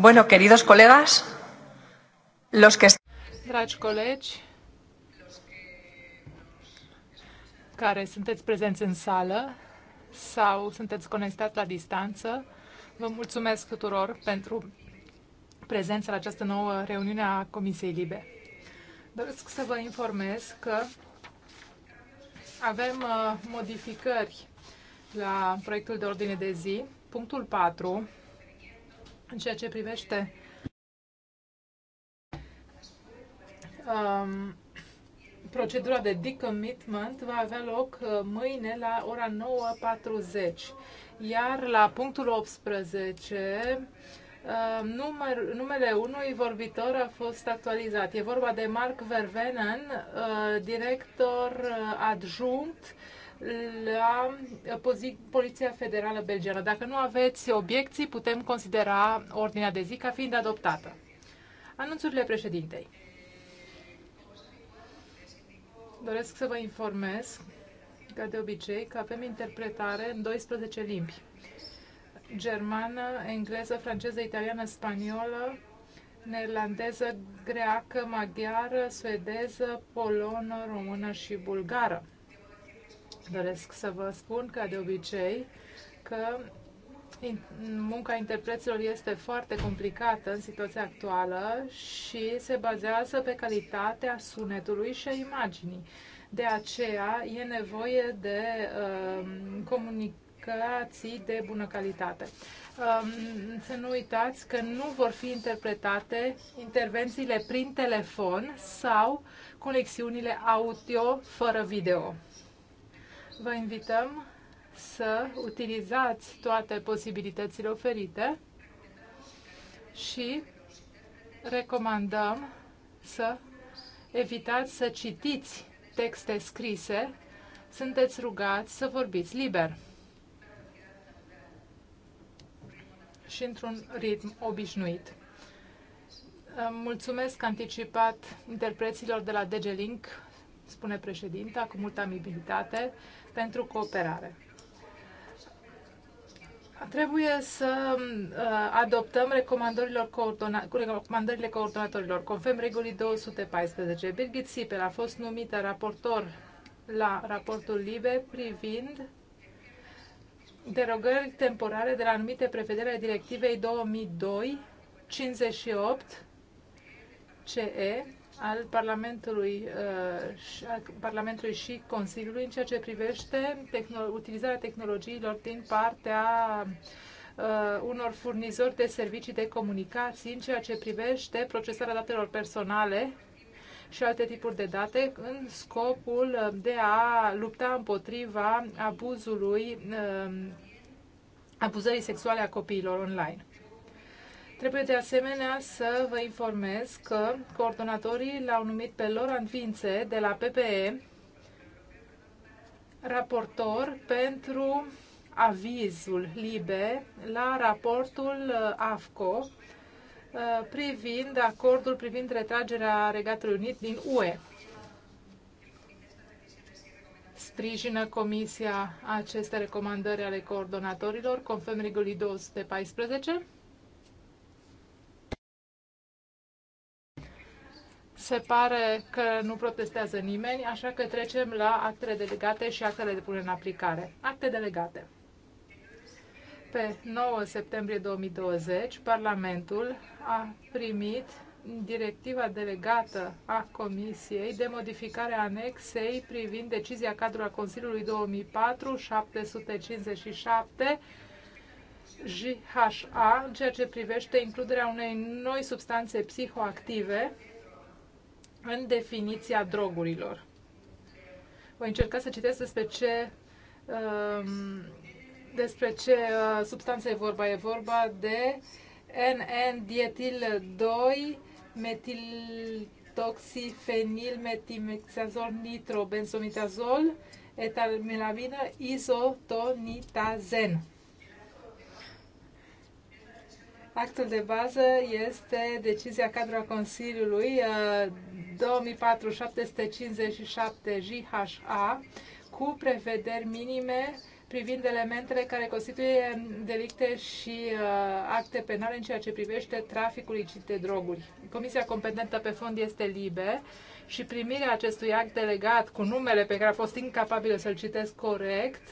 Bueno, queridos colegas, los que... Dragi colegi, care sunteți prezenți în sală sau sunteți conectați la distanță, vă mulțumesc tuturor pentru prezența la această nouă reuniune a Comisiei Libe. Doresc să vă informez că avem uh, modificări la proiectul de ordine de zi. Punctul 4 în ceea ce privește um, procedura de decommitment va avea loc uh, mâine la ora 9.40, iar la punctul 18 uh, Număr, numele unui vorbitor a fost actualizat. E vorba de Mark Vervenen, uh, director adjunct la uh, Poliția Federală Belgiană. Dacă nu aveți obiecții, putem considera ordinea de zi ca fiind adoptată. Anunțurile președintei. Doresc să vă informez, ca de obicei, că avem interpretare în 12 limbi. Germană, engleză, franceză, italiană, spaniolă, neerlandeză, greacă, maghiară, suedeză, polonă, română și bulgară. Doresc să vă spun, ca de obicei, că munca interpreților este foarte complicată în situația actuală și se bazează pe calitatea sunetului și a imaginii. De aceea e nevoie de uh, comunicații de bună calitate. Uh, să nu uitați că nu vor fi interpretate intervențiile prin telefon sau conexiunile audio fără video. Vă invităm să utilizați toate posibilitățile oferite și recomandăm să evitați să citiți texte scrise. Sunteți rugați să vorbiți liber și într-un ritm obișnuit. Mulțumesc anticipat interpreților de la DGLink, spune președinta, cu multă amibilitate pentru cooperare. Trebuie să uh, adoptăm recomandările coordona, recomandările coordonatorilor, conform regulii 214. Birgit Sipel a fost numită raportor la raportul LIBE privind derogări temporare de la anumite prevederi ale directivei 2002-58 CE al Parlamentului, uh, al Parlamentului și Consiliului în ceea ce privește tehnolo utilizarea tehnologiilor din partea uh, unor furnizori de servicii de comunicații în ceea ce privește procesarea datelor personale și alte tipuri de date în scopul uh, de a lupta împotriva abuzului, uh, abuzării sexuale a copiilor online. Trebuie de asemenea să vă informez că coordonatorii l-au numit pe lor, Vințe de la PPE raportor pentru avizul LIBE la raportul uh, AFCO uh, privind acordul privind retragerea Regatului Unit din UE. Sprijină Comisia aceste recomandări ale coordonatorilor conform regulii 214 Se pare că nu protestează nimeni, așa că trecem la actele delegate și actele de punere în aplicare. Acte delegate. Pe 9 septembrie 2020, Parlamentul a primit directiva delegată a Comisiei de modificare a anexei privind decizia cadrul a Consiliului 2004-757 JHA în ceea ce privește includerea unei noi substanțe psihoactive în definiția drogurilor. Voi încerca să citesc despre ce, um, despre ce uh, substanță e vorba. E vorba de NN-dietil-2 metiltoxifenil metimexazol nitrobenzomidazol isotonitazen. Uh, Actul de bază este decizia cadrului Consiliului Consiliului 2457 JHA cu prevederi minime privind elementele care constituie delicte și uh, acte penale în ceea ce privește traficul licit de droguri. Comisia competentă pe fond este LIBE și primirea acestui act delegat cu numele pe care a fost incapabil să-l citesc corect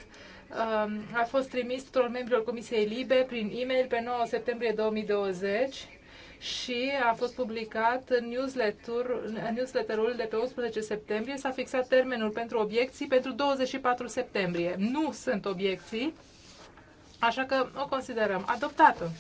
Um, a fost trimis tuturor membrilor Comisiei Libe prin e-mail pe 9 septembrie 2020 și a fost publicat în newsletter, newsletterul de pe 11 septembrie. S-a fixat termenul pentru obiecții pentru 24 septembrie. Nu sunt obiecții, așa că o considerăm adoptată.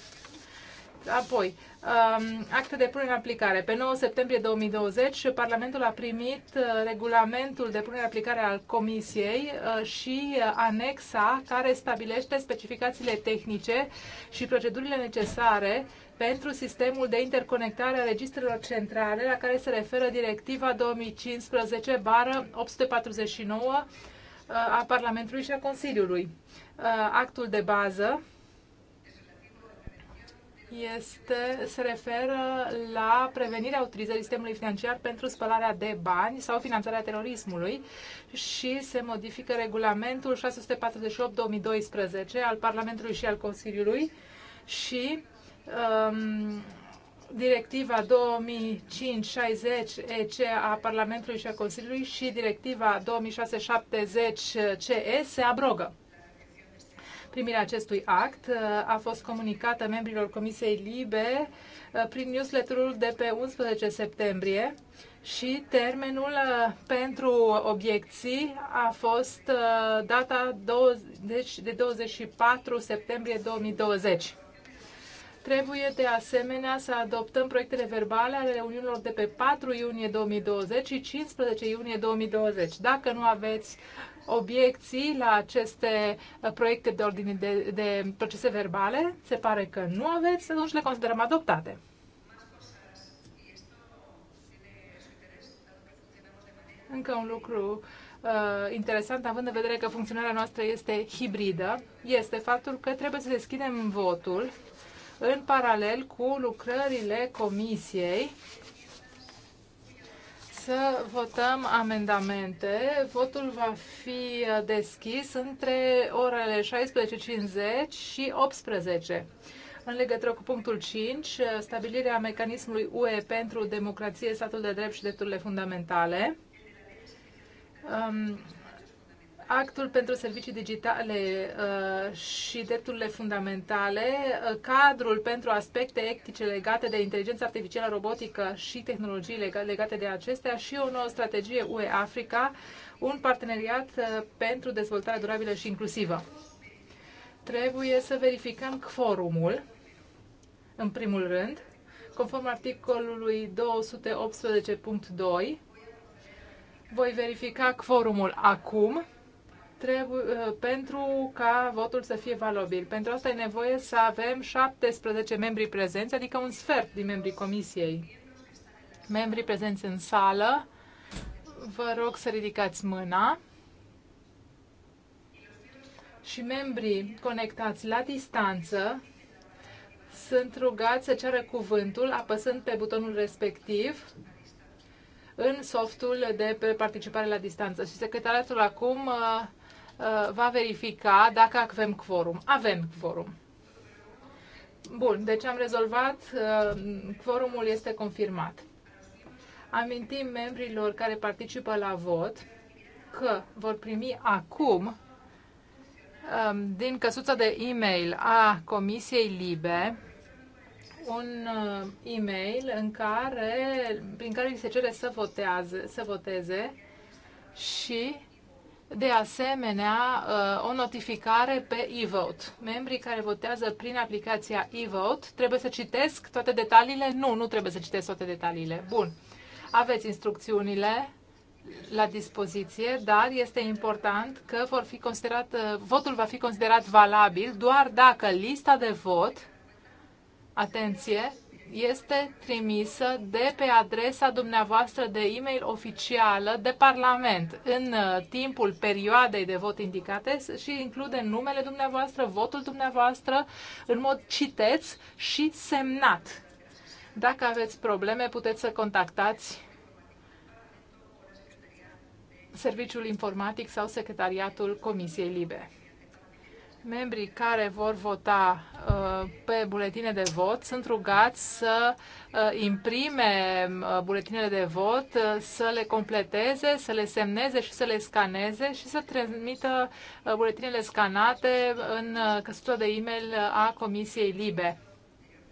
Apoi, um, acte de punere în aplicare. Pe 9 septembrie 2020, Parlamentul a primit uh, regulamentul de punere în aplicare al Comisiei uh, și uh, anexa care stabilește specificațiile tehnice și procedurile necesare pentru sistemul de interconectare a registrelor centrale la care se referă directiva 2015 bară 849 a Parlamentului și a Consiliului. Actul de bază este, se referă la prevenirea utilizării sistemului financiar pentru spălarea de bani sau finanțarea terorismului și se modifică regulamentul 648-2012 al Parlamentului și al Consiliului și um, directiva 2005-60-EC a Parlamentului și a Consiliului și directiva 2670-CE se abrogă. Primirea acestui act uh, a fost comunicată membrilor Comisiei Libe uh, prin newsletterul de pe 11 septembrie și termenul uh, pentru obiecții a fost data 20, de 24 septembrie 2020. Trebuie de asemenea să adoptăm proiectele verbale ale reuniunilor de pe 4 iunie 2020 și 15 iunie 2020. Dacă nu aveți obiecții la aceste uh, proiecte de ordine de, de procese verbale? Se pare că nu aveți, atunci le considerăm adoptate. Încă un lucru uh, interesant, având în vedere că funcționarea noastră este hibridă, este faptul că trebuie să deschidem votul în paralel cu lucrările comisiei să votăm amendamente. Votul va fi deschis între orele 16.50 și 18. În legătură cu punctul 5, stabilirea mecanismului UE pentru democrație, statul de drept și drepturile fundamentale. Um, actul pentru servicii digitale uh, și drepturile fundamentale, uh, cadrul pentru aspecte etice legate de inteligența artificială, robotică și tehnologii legate de acestea și o nouă strategie UE-Africa, un parteneriat uh, pentru dezvoltare durabilă și inclusivă. Trebuie să verificăm quorumul, în primul rând, conform articolului 218.2, voi verifica quorumul acum trebuie, uh, pentru ca votul să fie valabil. Pentru asta e nevoie să avem 17 membri prezenți, adică un sfert din membrii comisiei. Membrii prezenți în sală, vă rog să ridicați mâna. Și membrii conectați la distanță sunt rugați să ceară cuvântul apăsând pe butonul respectiv în softul de participare la distanță. Și secretariatul acum uh, Uh, va verifica dacă avem quorum. Avem quorum. Bun, deci am rezolvat, uh, quorumul este confirmat. Amintim membrilor care participă la vot că vor primi acum um, din căsuța de e-mail a Comisiei Libe un uh, e-mail în care, prin care îi se cere să, votează, să voteze și de asemenea uh, o notificare pe e-vote. Membrii care votează prin aplicația e-vote trebuie să citesc toate detaliile? Nu, nu trebuie să citesc toate detaliile. Bun. Aveți instrucțiunile la dispoziție, dar este important că vor fi considerat, uh, votul va fi considerat valabil doar dacă lista de vot, atenție, este trimisă de pe adresa dumneavoastră de e-mail oficială de Parlament în uh, timpul perioadei de vot indicate și include numele dumneavoastră, votul dumneavoastră, în mod citeț și semnat. Dacă aveți probleme, puteți să contactați Serviciul Informatic sau Secretariatul Comisiei Libe membrii care vor vota uh, pe buletine de vot sunt rugați să uh, imprime uh, buletinele de vot, să le completeze, să le semneze și să le scaneze și să transmită buletinele scanate în căsuța de e-mail a Comisiei Libe.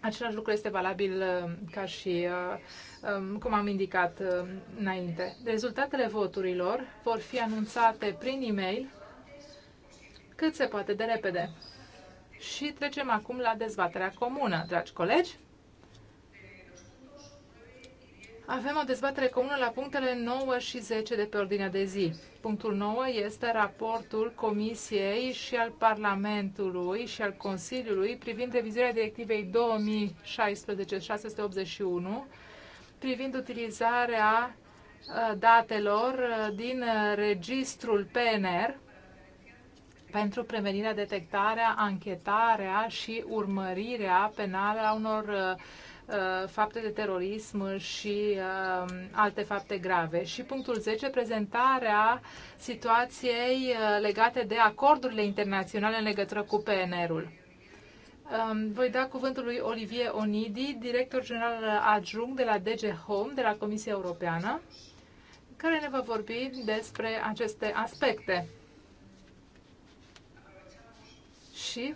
Același lucru este valabil ca și um, cum am indicat înainte. Rezultatele voturilor vor fi anunțate prin e-mail cât se poate de repede. Și trecem acum la dezbaterea comună, dragi colegi. Avem o dezbatere comună la punctele 9 și 10 de pe ordinea de zi. Punctul 9 este raportul Comisiei și al Parlamentului și al Consiliului privind revizuirea directivei 2016-681 privind utilizarea uh, datelor uh, din uh, registrul PNR pentru prevenirea, detectarea, anchetarea și urmărirea penală a unor uh, uh, fapte de terorism și uh, alte fapte grave. Și punctul 10, prezentarea situației uh, legate de acordurile internaționale în legătură cu PNR-ul. Um, voi da cuvântul lui Olivier Onidi, director general adjunct de la DG Home, de la Comisia Europeană, care ne va vorbi despre aceste aspecte și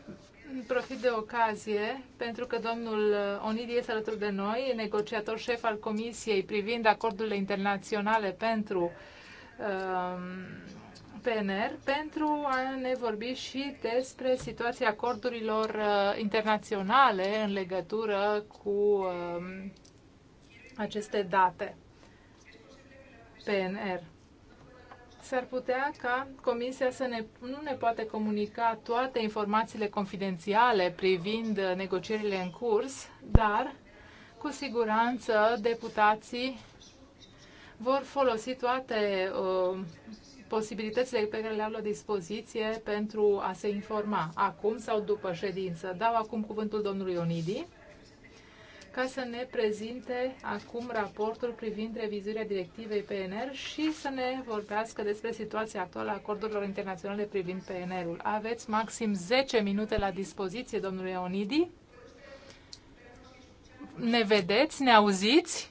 profit de ocazie pentru că domnul Onidi este alături de noi, negociator șef al Comisiei privind acordurile internaționale pentru um, PNR, pentru a ne vorbi și despre situația acordurilor uh, internaționale în legătură cu um, aceste date PNR s-ar putea ca Comisia să ne, nu ne poate comunica toate informațiile confidențiale privind negocierile în curs, dar cu siguranță deputații vor folosi toate uh, posibilitățile pe care le au la dispoziție pentru a se informa acum sau după ședință. Dau acum cuvântul domnului Onidi ca să ne prezinte acum raportul privind revizuirea directivei PNR și să ne vorbească despre situația actuală a acordurilor internaționale privind PNR-ul. Aveți maxim 10 minute la dispoziție, domnule Onidi. Ne vedeți? Ne auziți?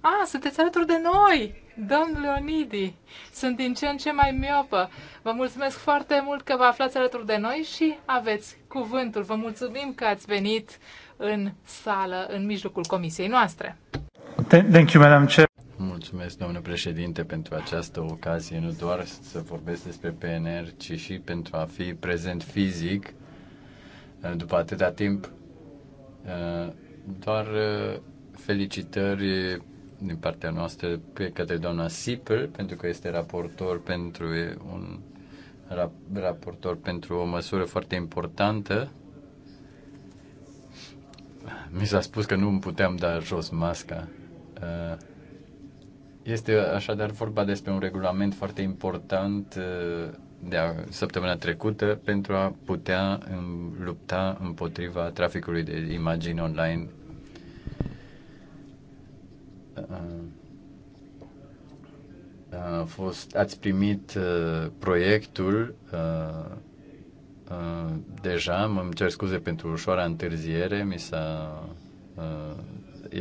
A, sunteți alături de noi! Domnul Leonidi, sunt din ce în ce mai miopă. Vă mulțumesc foarte mult că vă aflați alături de noi și aveți cuvântul. Vă mulțumim că ați venit în sală, în mijlocul comisiei noastre. Thank you, Madam Chair. Mulțumesc, domnule președinte, pentru această ocazie, nu doar să vorbesc despre PNR, ci și pentru a fi prezent fizic uh, după atâta timp. Uh, doar uh, felicitări din partea noastră pe către doamna Sipel, pentru că este raportor pentru un raportor pentru o măsură foarte importantă mi s-a spus că nu îmi puteam da jos masca. Eh, este așadar vorba despre un regulament foarte important eh, de a, săptămâna trecută pentru a putea lupta împotriva traficului de imagini online. Eh, a fost, ați primit proiectul uh, deja, mă cer scuze pentru ușoara întârziere, mi s-a uh,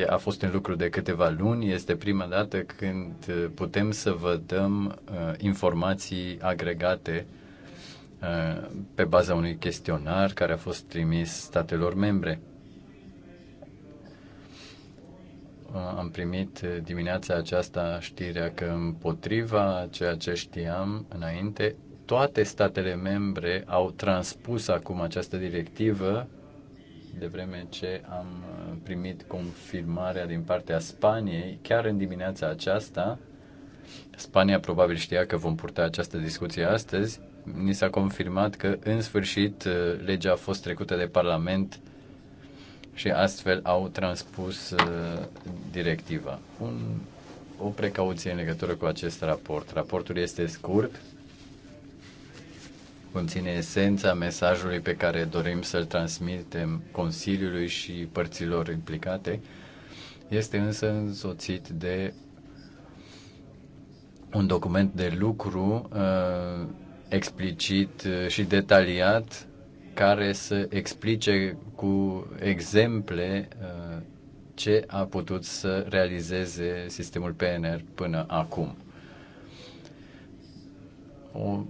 a fost în lucru de câteva luni, este prima dată când uh, putem să vă dăm uh, informații agregate uh, pe baza unui chestionar care a fost trimis statelor membre. Uh, am primit uh, dimineața aceasta știrea că împotriva ceea ce știam înainte, toate statele membre au transpus acum această directivă, de vreme ce am primit confirmarea din partea Spaniei, chiar în dimineața aceasta, Spania probabil știa că vom purta această discuție astăzi, ni s-a confirmat că în sfârșit uh, legea a fost trecută de Parlament și astfel au transpus uh, directiva. Un, o precauție în legătură cu acest raport. Raportul este scurt, conține esența mesajului pe care dorim să-l transmitem Consiliului și părților implicate, este însă însoțit de un document de lucru uh, explicit și detaliat care să explice cu exemple uh, ce a putut să realizeze sistemul PNR până acum. O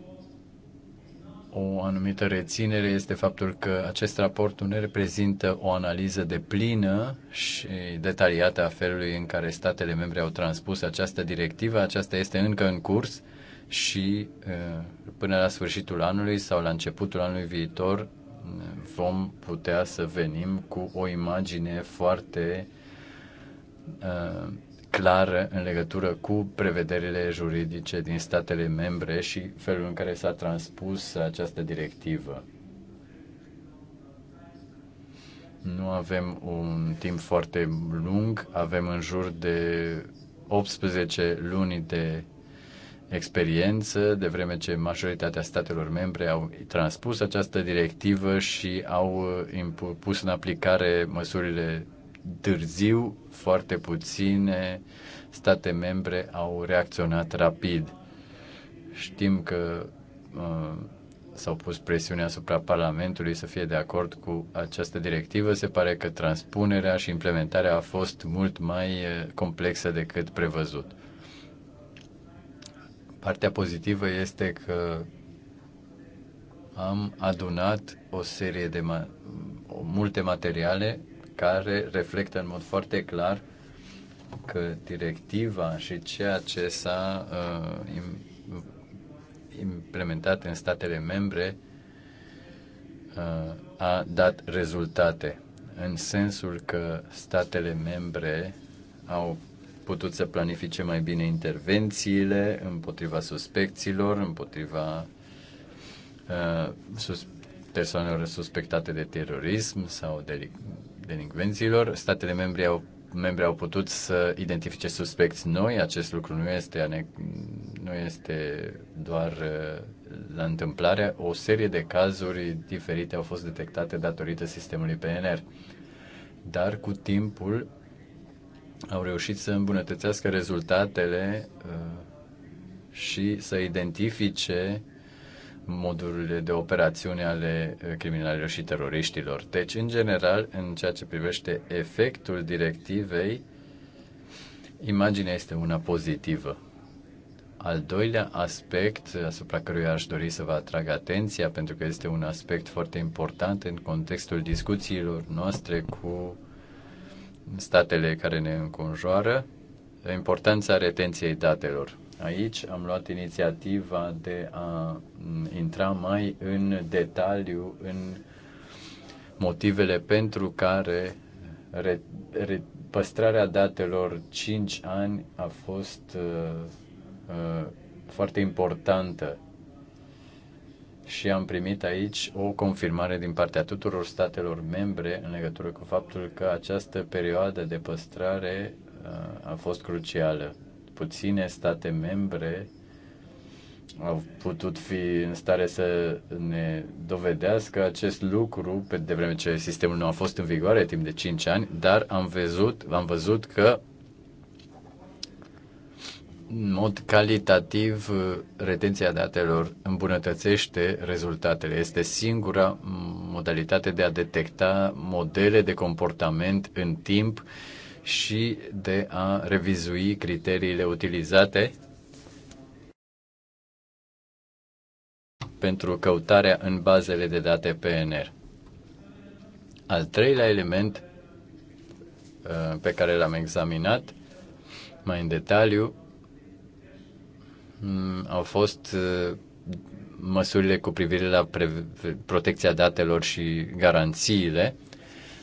o anumită reținere este faptul că acest raport nu reprezintă o analiză de plină și detaliată a felului în care statele membre au transpus această directivă. Aceasta este încă în curs și până la sfârșitul anului sau la începutul anului viitor vom putea să venim cu o imagine foarte uh, clară în legătură cu prevederile juridice din statele membre și felul în care s-a transpus această directivă. Nu avem un timp foarte lung, avem în jur de 18 luni de experiență, de vreme ce majoritatea statelor membre au transpus această directivă și au pus în aplicare măsurile târziu, foarte puține state membre au reacționat rapid. Știm că uh, s-au pus presiune asupra Parlamentului să fie de acord cu această directivă. Se pare că transpunerea și implementarea a fost mult mai uh, complexă decât prevăzut. Partea pozitivă este că am adunat o serie de ma- multe materiale care reflectă în mod foarte clar că directiva și ceea ce s-a uh, implementat în statele membre uh, a dat rezultate, în sensul că statele membre au putut să planifice mai bine intervențiile împotriva suspecțiilor, împotriva uh, sus- persoanelor suspectate de terorism sau de delinvenților. Statele membre au, membre au putut să identifice suspecți noi. Acest lucru nu este, nu este doar uh, la întâmplare. O serie de cazuri diferite au fost detectate datorită sistemului PNR. Dar cu timpul au reușit să îmbunătățească rezultatele uh, și să identifice uh, modurile de operațiune ale eh, criminalilor și teroriștilor. Deci, în general, în ceea ce privește efectul directivei, imaginea este una pozitivă. Al doilea aspect eh, asupra căruia aș dori să vă atrag atenția, pentru că este un aspect foarte important în contextul discuțiilor noastre cu statele care ne înconjoară, importanța retenției datelor. Aici am luat inițiativa de a intra mai în detaliu în motivele pentru care re, re, păstrarea datelor 5 ani a fost uh, uh, foarte importantă și am primit aici o confirmare din partea tuturor statelor membre în legătură cu faptul că această perioadă de păstrare uh, a fost crucială puține state membre au putut fi în stare să ne dovedească acest lucru pe de vreme ce sistemul nu a fost în vigoare timp de 5 ani, dar am văzut, am văzut că în mod calitativ retenția datelor îmbunătățește rezultatele. Este singura modalitate de a detecta modele de comportament în timp uh, și de a revizui criteriile utilizate pentru căutarea în bazele de date PNR. Al treilea element uh, pe care l-am examinat mai în detaliu mm, au fost uh, măsurile cu privire la protecția datelor și garanțiile.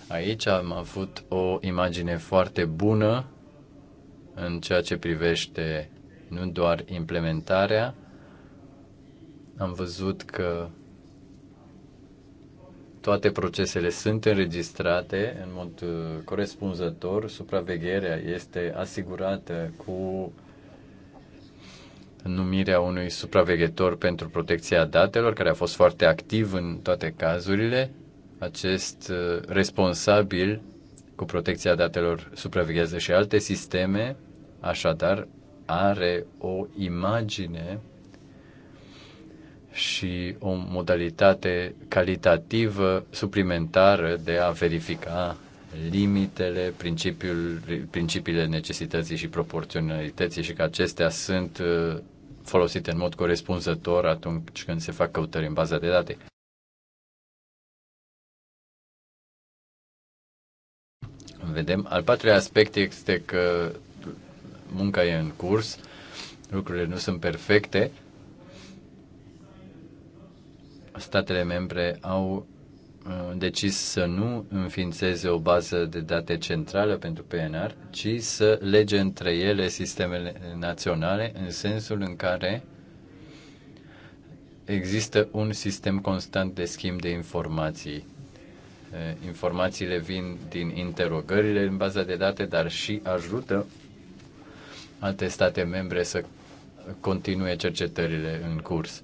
Aici am avut o imagine foarte bună în ceea ce privește nu doar implementarea, am văzut că toate procesele sunt înregistrate în mod uh, corespunzător, supravegherea este asigurată cu numirea unui supraveghetor pentru protecția datelor, care a fost foarte activ în toate cazurile, acest uh, responsabil cu protecția datelor supraveghează și alte sisteme, așadar are o imagine și o modalitate calitativă suplimentară de a verifica limitele, principiul, principiile necesității și proporționalității și că acestea sunt uh, folosite în mod corespunzător atunci când se fac căutări în baza de date. vedem. Al patrulea aspect este că munca e în curs, lucrurile nu sunt perfecte. Statele membre au uh, decis să nu înființeze o bază de date centrală pentru PNR, ci să lege între ele sistemele naționale în sensul în care există un sistem constant de schimb de informații Informațiile vin din interogările în baza de date, dar și ajută alte state membre să continue cercetările în curs.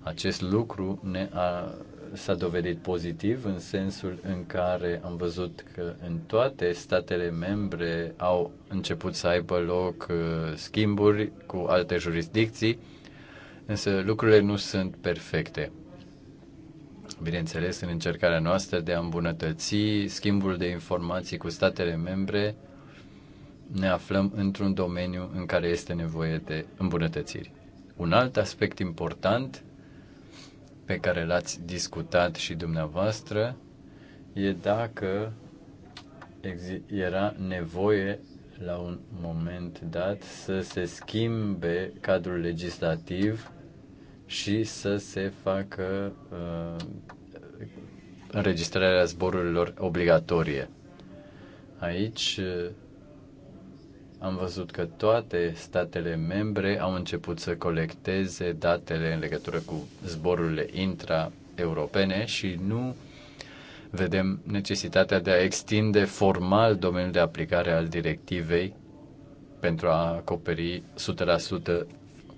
Acest lucru ne a, s-a dovedit pozitiv în sensul în care am văzut că în toate statele membre au început să aibă loc schimburi cu alte jurisdicții, însă lucrurile nu sunt perfecte bineînțeles, în încercarea noastră de a îmbunătăți schimbul de informații cu statele membre, ne aflăm într-un domeniu în care este nevoie de îmbunătățiri. Un alt aspect important pe care l-ați discutat și dumneavoastră e dacă era nevoie la un moment dat să se schimbe cadrul legislativ și să se facă uh, înregistrarea zborurilor obligatorie. Aici uh, am văzut că toate statele membre au început să colecteze datele în legătură cu zborurile intra-europene și nu vedem necesitatea de a extinde formal domeniul de aplicare al directivei pentru a acoperi 100%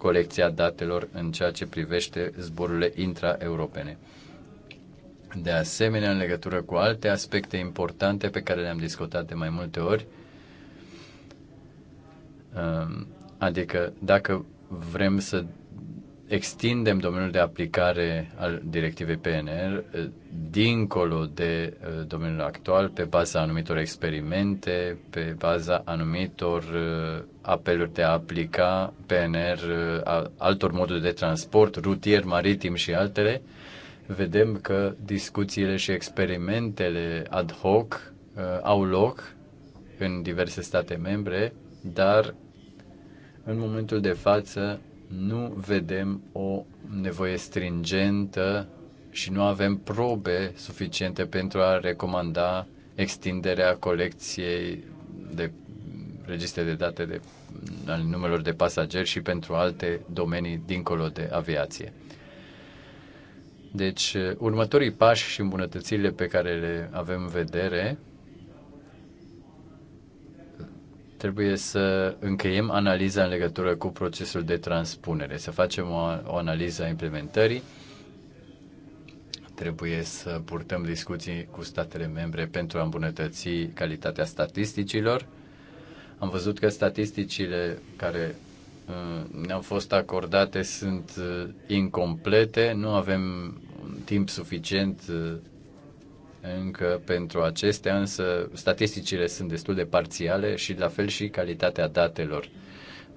colecția datelor în ceea ce privește zborurile intraeuropene. De asemenea, în legătură cu alte aspecte importante pe care le-am discutat de mai multe ori, um, adică dacă vrem să extindem domeniul de aplicare al directivei PNR eh, dincolo de eh, domeniul actual, pe baza anumitor experimente, pe baza anumitor eh, apeluri de a aplica PNR altor moduri de transport, rutier, maritim și altele, vedem că discuțiile și experimentele ad hoc au loc în diverse state membre, dar în momentul de față nu vedem o nevoie stringentă și nu avem probe suficiente pentru a recomanda extinderea colecției de registre de date de, al numelor de pasageri și pentru alte domenii dincolo de aviație. Deci, următorii pași și îmbunătățirile pe care le avem în vedere trebuie să încheiem analiza în legătură cu procesul de transpunere, să facem o, o analiză a implementării. Trebuie să purtăm discuții cu statele membre pentru a îmbunătăți calitatea statisticilor. Am văzut că statisticile care uh, ne-au fost acordate sunt uh, incomplete, nu avem timp suficient uh, încă pentru acestea, însă statisticile sunt destul de parțiale și la fel și calitatea datelor.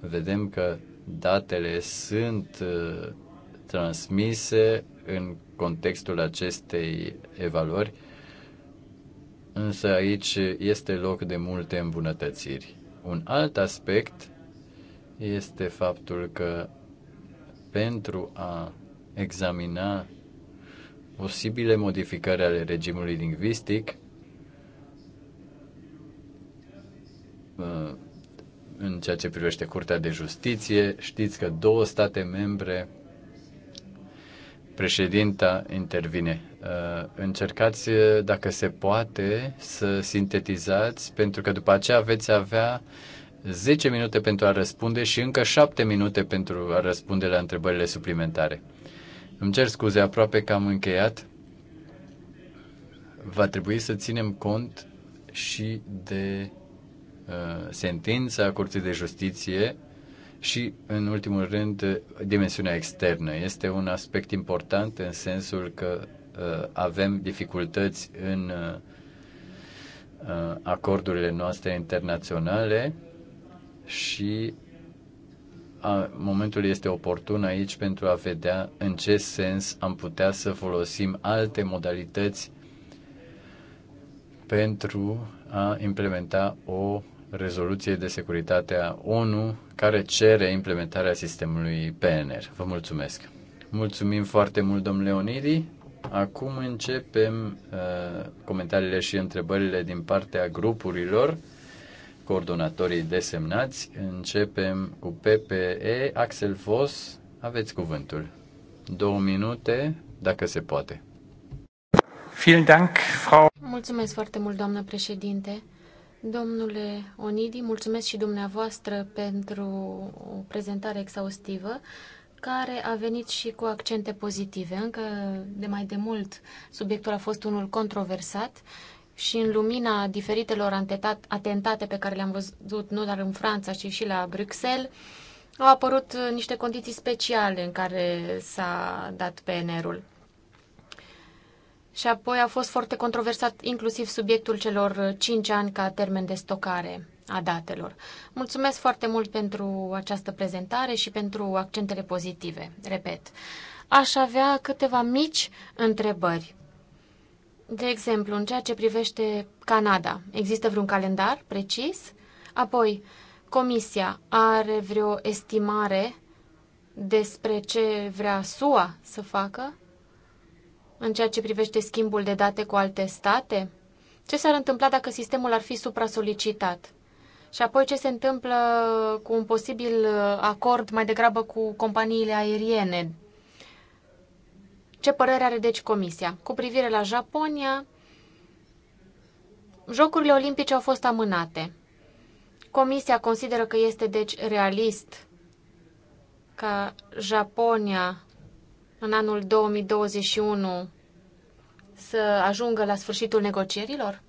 Vedem că datele sunt uh, transmise în contextul acestei evaluări, însă aici este loc de multe îmbunătățiri. Un alt aspect este faptul că pentru a examina posibile modificări ale regimului lingvistic uh, în ceea ce privește Curtea de Justiție. Știți că două state membre, președinta intervine. Uh, încercați, uh, dacă se poate, să sintetizați, pentru că după aceea veți avea 10 minute pentru a răspunde și încă 7 minute pentru a răspunde la întrebările suplimentare. Îmi cer scuze, aproape că am încheiat. Va trebui să ținem cont și de uh, sentința Curții de Justiție și, în ultimul rând, dimensiunea externă. Este un aspect important în sensul că uh, avem dificultăți în uh, uh acordurile noastre internaționale și a, momentul este oportun aici pentru a vedea în ce sens am putea să folosim alte modalități pentru a implementa o rezoluție de securitate a ONU care cere implementarea sistemului PNR. Vă mulțumesc! Mulțumim foarte mult, domnule Onidi. Acum începem uh, comentariile și întrebările din partea grupurilor coordonatorii desemnați. Începem cu PPE. Axel Vos, aveți cuvântul. Două minute, dacă se poate. Mulțumesc foarte mult, doamnă președinte. Domnule Onidi, mulțumesc și dumneavoastră pentru o prezentare exhaustivă care a venit și cu accente pozitive. Încă de mai de mult subiectul a fost unul controversat și în lumina diferitelor atentate pe care le-am văzut nu doar în Franța, ci și la Bruxelles, au apărut uh, niște condiții speciale în care s-a dat PNR-ul. Și apoi a fost foarte controversat inclusiv subiectul celor 5 uh, ani ca termen de stocare a datelor. Mulțumesc foarte mult pentru această prezentare și pentru accentele pozitive. Repet, aș avea câteva mici întrebări. De exemplu, în ceea ce privește Canada, există vreun calendar precis? Apoi, Comisia are vreo estimare despre ce vrea SUA să facă? În ceea ce privește schimbul de date cu alte state? Ce s-ar întâmpla dacă sistemul ar fi supra-solicitat? Și apoi ce se întâmplă cu un posibil acord mai degrabă cu companiile aeriene ce părere are deci Comisia? Cu privire la Japonia, Jocurile Olimpice au fost amânate. Comisia consideră că este deci realist ca Japonia în anul 2021 să ajungă la sfârșitul negocierilor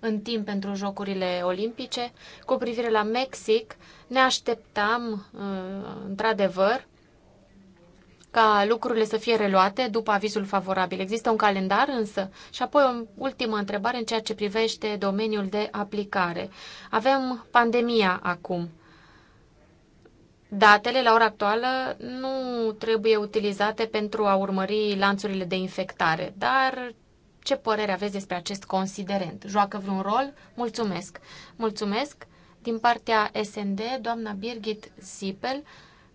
în timp pentru Jocurile Olimpice. Cu privire la Mexic, ne așteptam, uh, într-adevăr, ca lucrurile să fie reluate după avizul favorabil. Există un calendar însă? Și apoi o ultimă întrebare în ceea ce privește domeniul de aplicare. Avem pandemia acum. Datele la ora actuală nu trebuie utilizate pentru a urmări lanțurile de infectare, dar ce părere aveți despre acest considerent? Joacă vreun rol? Mulțumesc! Mulțumesc din partea SND, doamna Birgit Zipel,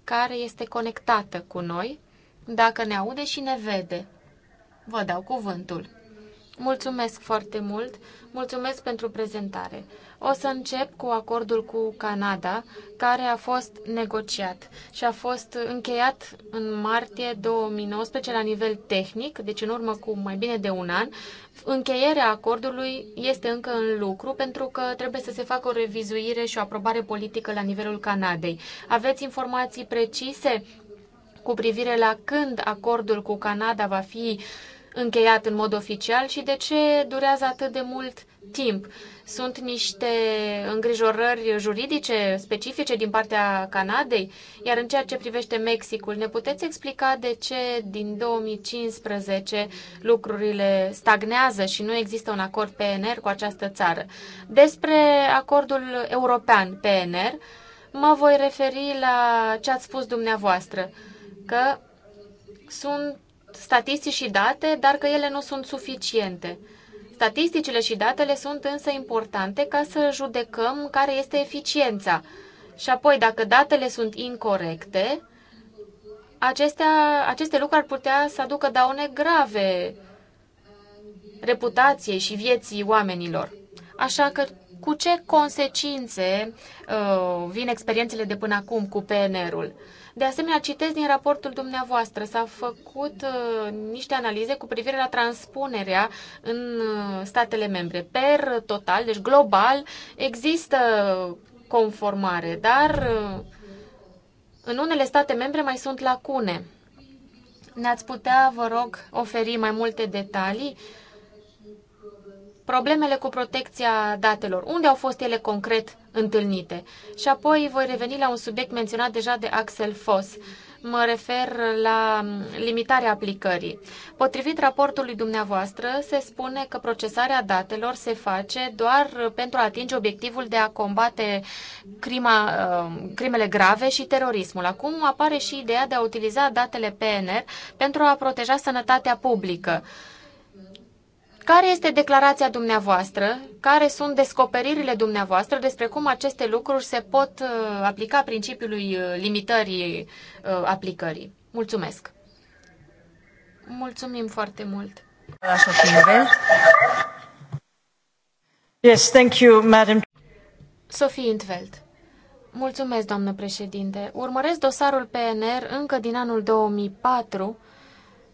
care este conectată cu noi dacă ne aude și ne vede. Vă dau cuvântul. Mulțumesc foarte mult, mulțumesc pentru prezentare. O să încep cu acordul cu Canada, care a fost negociat și a fost încheiat în martie 2019 la nivel tehnic, deci în urmă cu mai bine de un an. Încheierea acordului este încă în lucru pentru că trebuie să se facă o revizuire și o aprobare politică la nivelul Canadei. Aveți informații precise cu privire la când acordul cu Canada va fi încheiat în mod oficial și de ce durează atât de mult timp. Sunt niște îngrijorări juridice specifice din partea Canadei, iar în ceea ce privește Mexicul, ne puteți explica de ce din 2015 lucrurile stagnează și nu există un acord PNR cu această țară. Despre acordul european PNR, mă voi referi la ce ați spus dumneavoastră că sunt statistici și date, dar că ele nu sunt suficiente. Statisticile și datele sunt însă importante ca să judecăm care este eficiența. Și apoi, dacă datele sunt incorrecte, acestea, aceste lucruri ar putea să aducă daune grave reputației și vieții oamenilor. Așa că cu ce consecințe uh, vin experiențele de până acum cu PNR-ul? De asemenea, citez din raportul dumneavoastră. S-au făcut uh, niște analize cu privire la transpunerea în uh, statele membre. Per total, deci global, există conformare, dar uh, în unele state membre mai sunt lacune. Ne-ați putea, vă rog, oferi mai multe detalii? Uh, problemele cu protecția datelor, unde au fost ele concret întâlnite. Și apoi voi reveni la un subiect menționat deja de Axel Foss. Mă refer la limitarea aplicării. Potrivit raportului dumneavoastră, se spune că procesarea datelor se face doar pentru a atinge obiectivul de a combate crima, uh, crimele grave și terorismul. Acum apare și ideea de a utiliza datele PNR pentru a proteja sănătatea publică. Care este declarația dumneavoastră? Care sunt descoperirile dumneavoastră despre cum aceste lucruri se pot uh, aplica principiului uh, limitării uh, aplicării? Mulțumesc! Mulțumim foarte mult! Yes, thank you, madam. Sophie Intveld. Mulțumesc, doamnă președinte. Urmăresc dosarul PNR încă din anul 2004.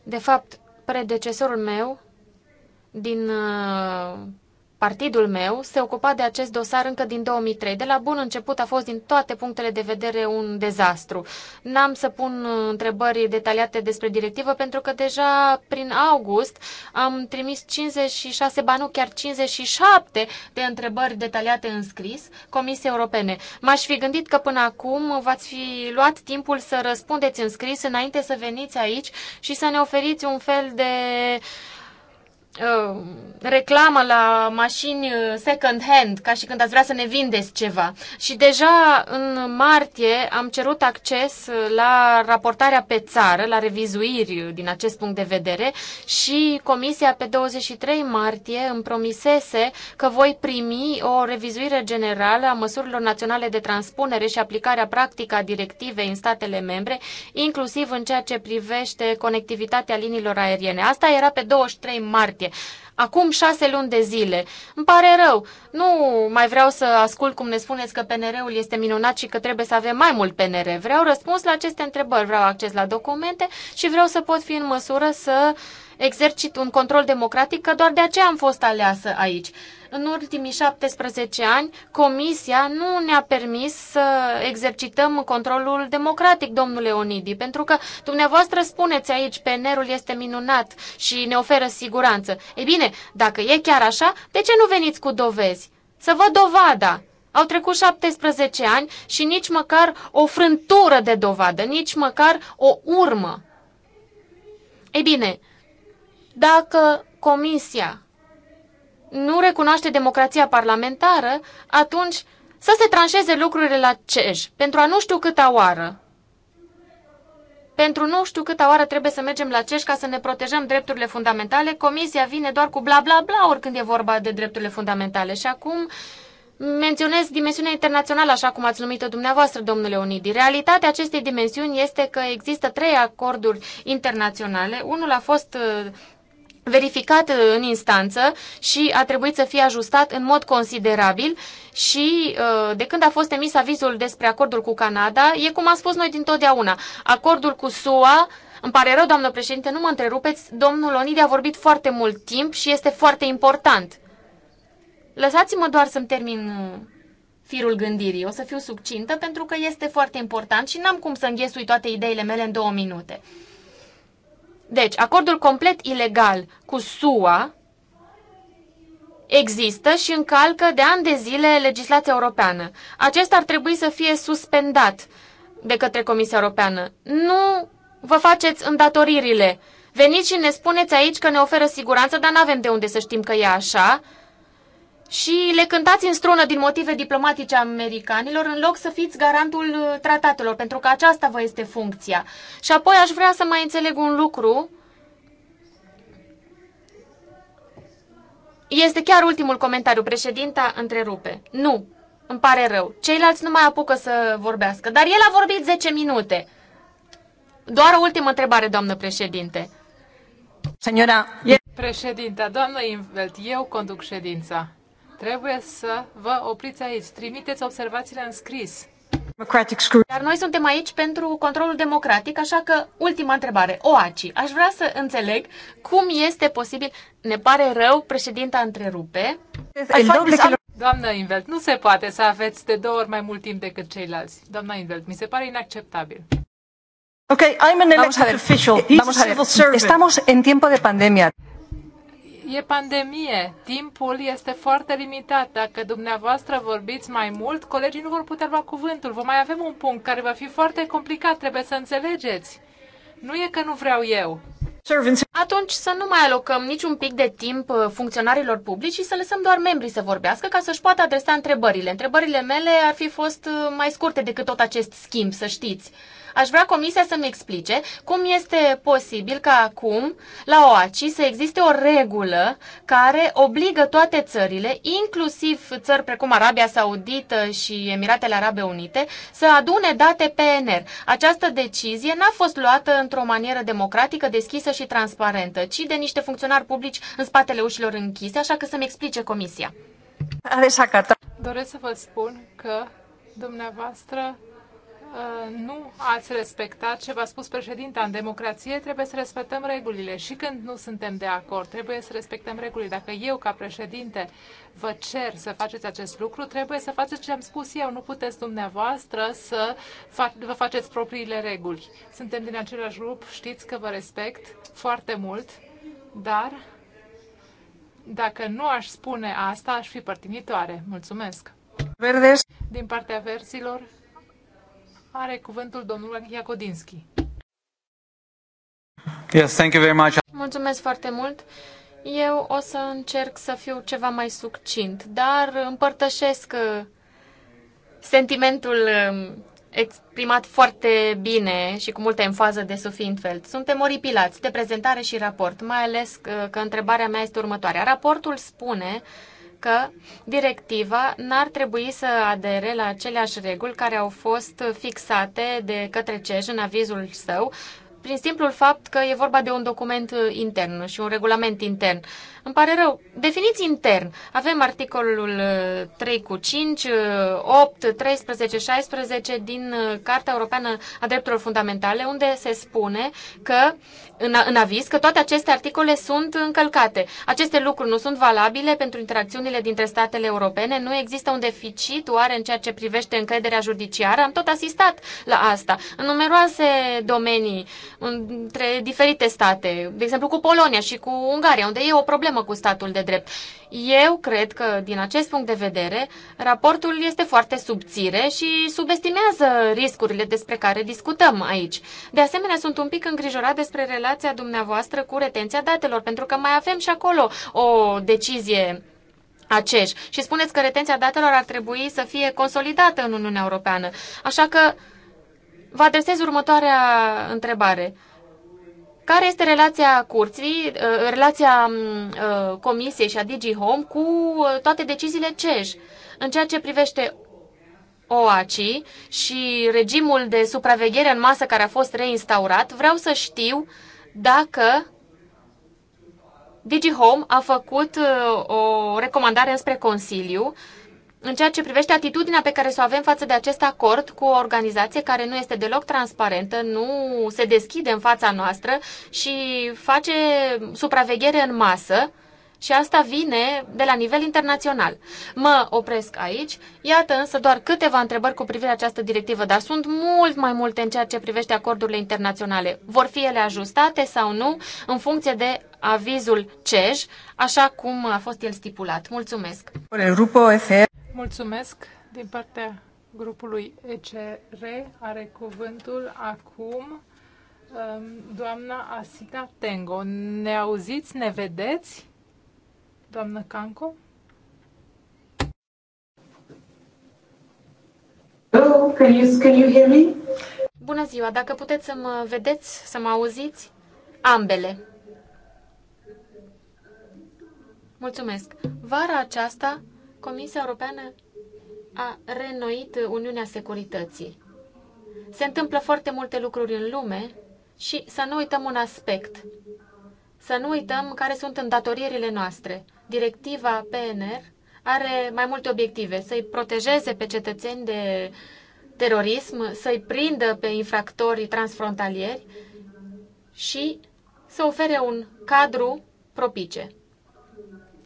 De fapt, predecesorul meu, din uh, partidul meu se ocupa de acest dosar încă din 2003. De la bun început a fost din toate punctele de vedere un dezastru. N-am să pun uh, întrebări detaliate despre directivă pentru că deja prin august am trimis 56, ba nu chiar 57 de întrebări detaliate în scris Comisiei Europene. M-aș fi gândit că până acum v-ați fi luat timpul să răspundeți în scris înainte să veniți aici și să ne oferiți un fel de uh, Uh, reclamă la mașini uh, second hand, ca și când ați vrea să ne vindeți ceva. Și deja în martie am cerut acces uh, la raportarea pe țară, la revizuiri din acest punct de vedere și comisia pe 23 martie îmi promisese că voi primi o revizuire generală a măsurilor naționale de transpunere și aplicarea practică a directivei în statele membre, inclusiv în ceea ce privește conectivitatea liniilor aeriene. Asta era pe 23 martie martie. Acum șase luni de zile. Îmi pare rău. Nu mai vreau să ascult cum ne spuneți că PNR-ul este minunat și că trebuie să avem mai mult PNR. Vreau răspuns la aceste întrebări, vreau acces la documente și vreau să pot fi în măsură să exercit un control democratic, că doar de aceea am fost aleasă aici. În ultimii 17 ani, Comisia nu ne-a permis să exercităm controlul democratic, domnule Onidi, pentru că dumneavoastră spuneți aici, PNR-ul este minunat și ne oferă siguranță. Ei bine, dacă e chiar așa, de ce nu veniți cu dovezi? Să văd dovada! Au trecut 17 ani și nici măcar o frântură de dovadă, nici măcar o urmă. Ei bine, dacă Comisia nu recunoaște democrația parlamentară, atunci să se tranșeze lucrurile la CEJ, pentru a nu știu câta oară. Pentru nu știu câta oară trebuie să mergem la CEJ ca să ne protejăm drepturile fundamentale. Comisia vine doar cu bla bla bla oricând e vorba de drepturile fundamentale. Și acum menționez dimensiunea internațională, așa cum ați numit-o dumneavoastră, domnule Unidi. Realitatea acestei dimensiuni este că există trei acorduri internaționale. Unul a fost verificat uh, în instanță și a trebuit să fie ajustat în mod considerabil și uh, de când a fost emis avizul despre acordul cu Canada, e cum am spus noi dintotdeauna, acordul cu SUA îmi pare rău, doamnă președinte, nu mă întrerupeți. Domnul Onide a vorbit foarte mult timp și este foarte important. Lăsați-mă doar să-mi termin uh, firul gândirii. O să fiu succintă pentru că este foarte important și n-am cum să înghesui toate ideile mele în două minute. Deci, acordul complet ilegal cu SUA există și încalcă de ani de zile legislația europeană. Acesta ar trebui să fie suspendat de către Comisia Europeană. Nu vă faceți îndatoririle. Veniți și ne spuneți aici că ne oferă siguranță, dar nu avem de unde să știm că e așa și le cântați în strună din motive diplomatice americanilor în loc să fiți garantul uh, tratatelor, pentru că aceasta vă este funcția. Și apoi aș vrea să mai înțeleg un lucru. Este chiar ultimul comentariu, președinta întrerupe. Nu, îmi pare rău. Ceilalți nu mai apucă să vorbească, dar el a vorbit 10 minute. Doar o ultimă întrebare, doamnă președinte. Senora, Președinta, doamnă Invelt, eu conduc ședința. Trebuie să vă opriți aici. Trimiteți observațiile în scris. Dar noi suntem aici pentru controlul democratic, așa că ultima întrebare, OACI. Aș vrea să înțeleg cum este posibil... Ne pare rău, președinta întrerupe. Doamna Invelt, nu se poate să aveți de două ori mai mult timp decât ceilalți. Doamna Invelt, mi se pare inacceptabil. Ok, I'm an elected official. Vamos a ver. Estamos en tiempo de pandemia. E pandemie, timpul este foarte limitat. Dacă dumneavoastră vorbiți mai mult, colegii nu vor putea lua cuvântul. Vă mai avem un punct care va fi foarte complicat, trebuie să înțelegeți. Nu e că nu vreau eu. Atunci să nu mai alocăm niciun pic de timp uh, funcționarilor publici și să lăsăm doar membrii să vorbească ca să-și poată adresa întrebările. Întrebările mele ar fi fost uh, mai scurte decât tot acest schimb, să știți. Aș vrea comisia să-mi explice cum este posibil ca acum, la OACI, să existe o regulă care obligă toate țările, inclusiv țări precum Arabia Saudită și Emiratele Arabe Unite, să adune date PNR. Această decizie n-a fost luată într-o manieră democratică, deschisă și transparentă, ci de niște funcționari publici în spatele ușilor închise, așa că să-mi explice comisia. Doresc să vă spun că dumneavoastră Uh, nu ați respectat ce v-a spus președinta. În democrație trebuie să respectăm regulile și când nu suntem de acord, trebuie să respectăm regulile. Dacă eu, ca președinte, vă cer să faceți acest lucru, trebuie să faceți ce am spus eu. Nu puteți dumneavoastră să vă faceți propriile reguli. Suntem din același grup, știți că vă respect foarte mult, dar dacă nu aș spune asta, aș fi părtinitoare. Mulțumesc! Verdes. Din partea versilor, are cuvântul domnul Iacodinski. Yes, thank you very much. Mulțumesc foarte mult. Eu o să încerc să fiu ceva mai succint, dar împărtășesc uh, sentimentul um, exprimat foarte bine și cu multă enfază de Sufintfeld. Suntem oripilați de prezentare și raport, mai ales uh, că întrebarea mea este următoarea. Raportul spune uh, că directiva n-ar trebui să adere la aceleași reguli care au fost fixate de către CEJ în avizul său, prin simplul fapt că e vorba de un document intern și un regulament intern. Îmi pare rău. Definiți intern. Avem articolul 3 uh, cu 5, 8, 13, 16 din uh, Carta Europeană a Drepturilor Fundamentale, unde se spune că, în, în aviz, că toate aceste articole sunt încălcate. Aceste lucruri nu sunt valabile pentru interacțiunile dintre statele europene. Nu există un deficit, oare, în ceea ce privește încrederea judiciară. Am tot asistat la asta. În numeroase domenii, între diferite state, de exemplu cu Polonia și cu Ungaria, unde e o problemă problemă cu statul de drept. Eu cred că, din acest punct de vedere, raportul este foarte subțire și subestimează riscurile despre care discutăm aici. De asemenea, sunt un pic îngrijorat despre relația dumneavoastră cu retenția datelor, pentru că mai avem și acolo o decizie aceși. Și spuneți că retenția datelor ar trebui să fie consolidată în Uniunea Europeană. Așa că vă adresez următoarea întrebare. Care este relația curții, uh, relația mm, uh, comisiei și a DigiHome cu uh, toate deciziile CEJ? În ceea ce privește OACI și regimul de supraveghere în masă care a fost reinstaurat, vreau să știu dacă DigiHome a făcut o recomandare înspre Consiliu în ceea ce privește atitudinea pe care să o avem față de acest acord cu o organizație care nu este deloc transparentă, nu se deschide în fața noastră și face supraveghere în masă și asta vine de la nivel internațional. Mă opresc aici. Iată însă doar câteva întrebări cu privire la această directivă, dar sunt mult mai multe în ceea ce privește acordurile internaționale. Vor fi ele ajustate sau nu în funcție de avizul CEJ, așa cum a fost el stipulat. Mulțumesc! Mulțumesc din partea grupului ECR. Are cuvântul acum um, doamna Asita Tengo. Ne auziți? Ne vedeți? Doamnă Canco? Hello, can you, can you hear me? Bună ziua! Dacă puteți să mă vedeți, să mă auziți, ambele. Mulțumesc! Vara aceasta Comisia Europeană a renoit Uniunea Securității. Se întâmplă foarte multe lucruri în lume și să nu uităm un aspect. Să nu uităm care sunt îndatoririle noastre. Directiva PNR are mai multe obiective. Să-i protejeze pe cetățeni de terorism, să-i prindă pe infractorii transfrontalieri și să ofere un cadru propice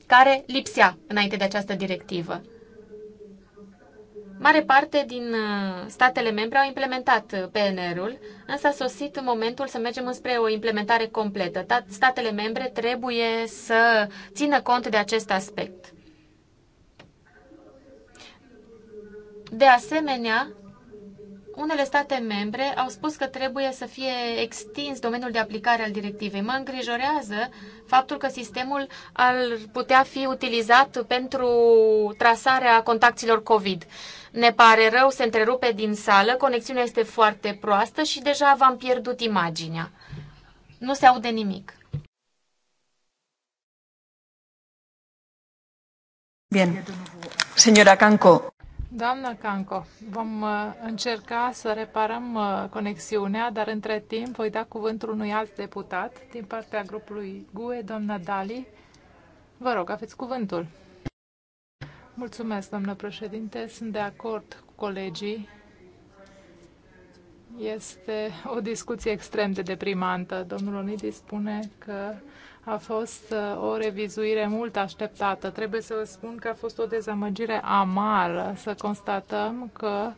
care lipsea înainte de această directivă. Mare parte din uh, statele membre au implementat uh, PNR-ul, însă a sosit momentul să mergem înspre o implementare completă. Statele membre trebuie să țină cont de acest aspect. De asemenea, unele state membre au spus că trebuie să fie extins domeniul de aplicare al directivei. Mă îngrijorează faptul că sistemul ar putea fi utilizat pentru trasarea contactilor COVID. Ne pare rău, se întrerupe din sală, conexiunea este foarte proastă și deja v-am pierdut imaginea. Nu se aude nimic. Bine, Señora Canco. Doamna Canco, vom uh, încerca să reparăm uh, conexiunea, dar între timp voi da cuvântul unui alt deputat din partea grupului GUE, doamna Dali. Vă rog, aveți cuvântul. Mulțumesc, doamnă președinte. Sunt de acord cu colegii este o discuție extrem de deprimantă. Domnul Onidi spune că a fost uh, o revizuire mult așteptată. Trebuie să vă spun că a fost o dezamăgire amară să constatăm că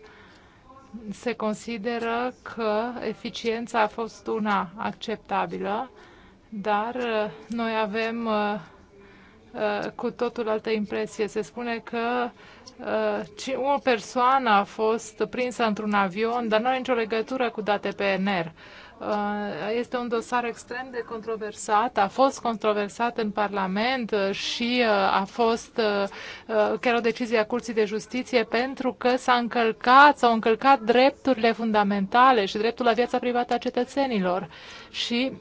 se consideră că eficiența a fost una acceptabilă, dar uh, noi avem uh, Uh, cu totul altă impresie. Se spune că uh, o persoană a fost prinsă într-un avion, dar nu are nicio legătură cu date PNR. Uh, este un dosar extrem de controversat, a fost controversat în Parlament și a fost chiar o decizie a Curții de Justiție pentru că s-a încălcat, s-au încălcat drepturile fundamentale și dreptul la viața privată a cetățenilor. Și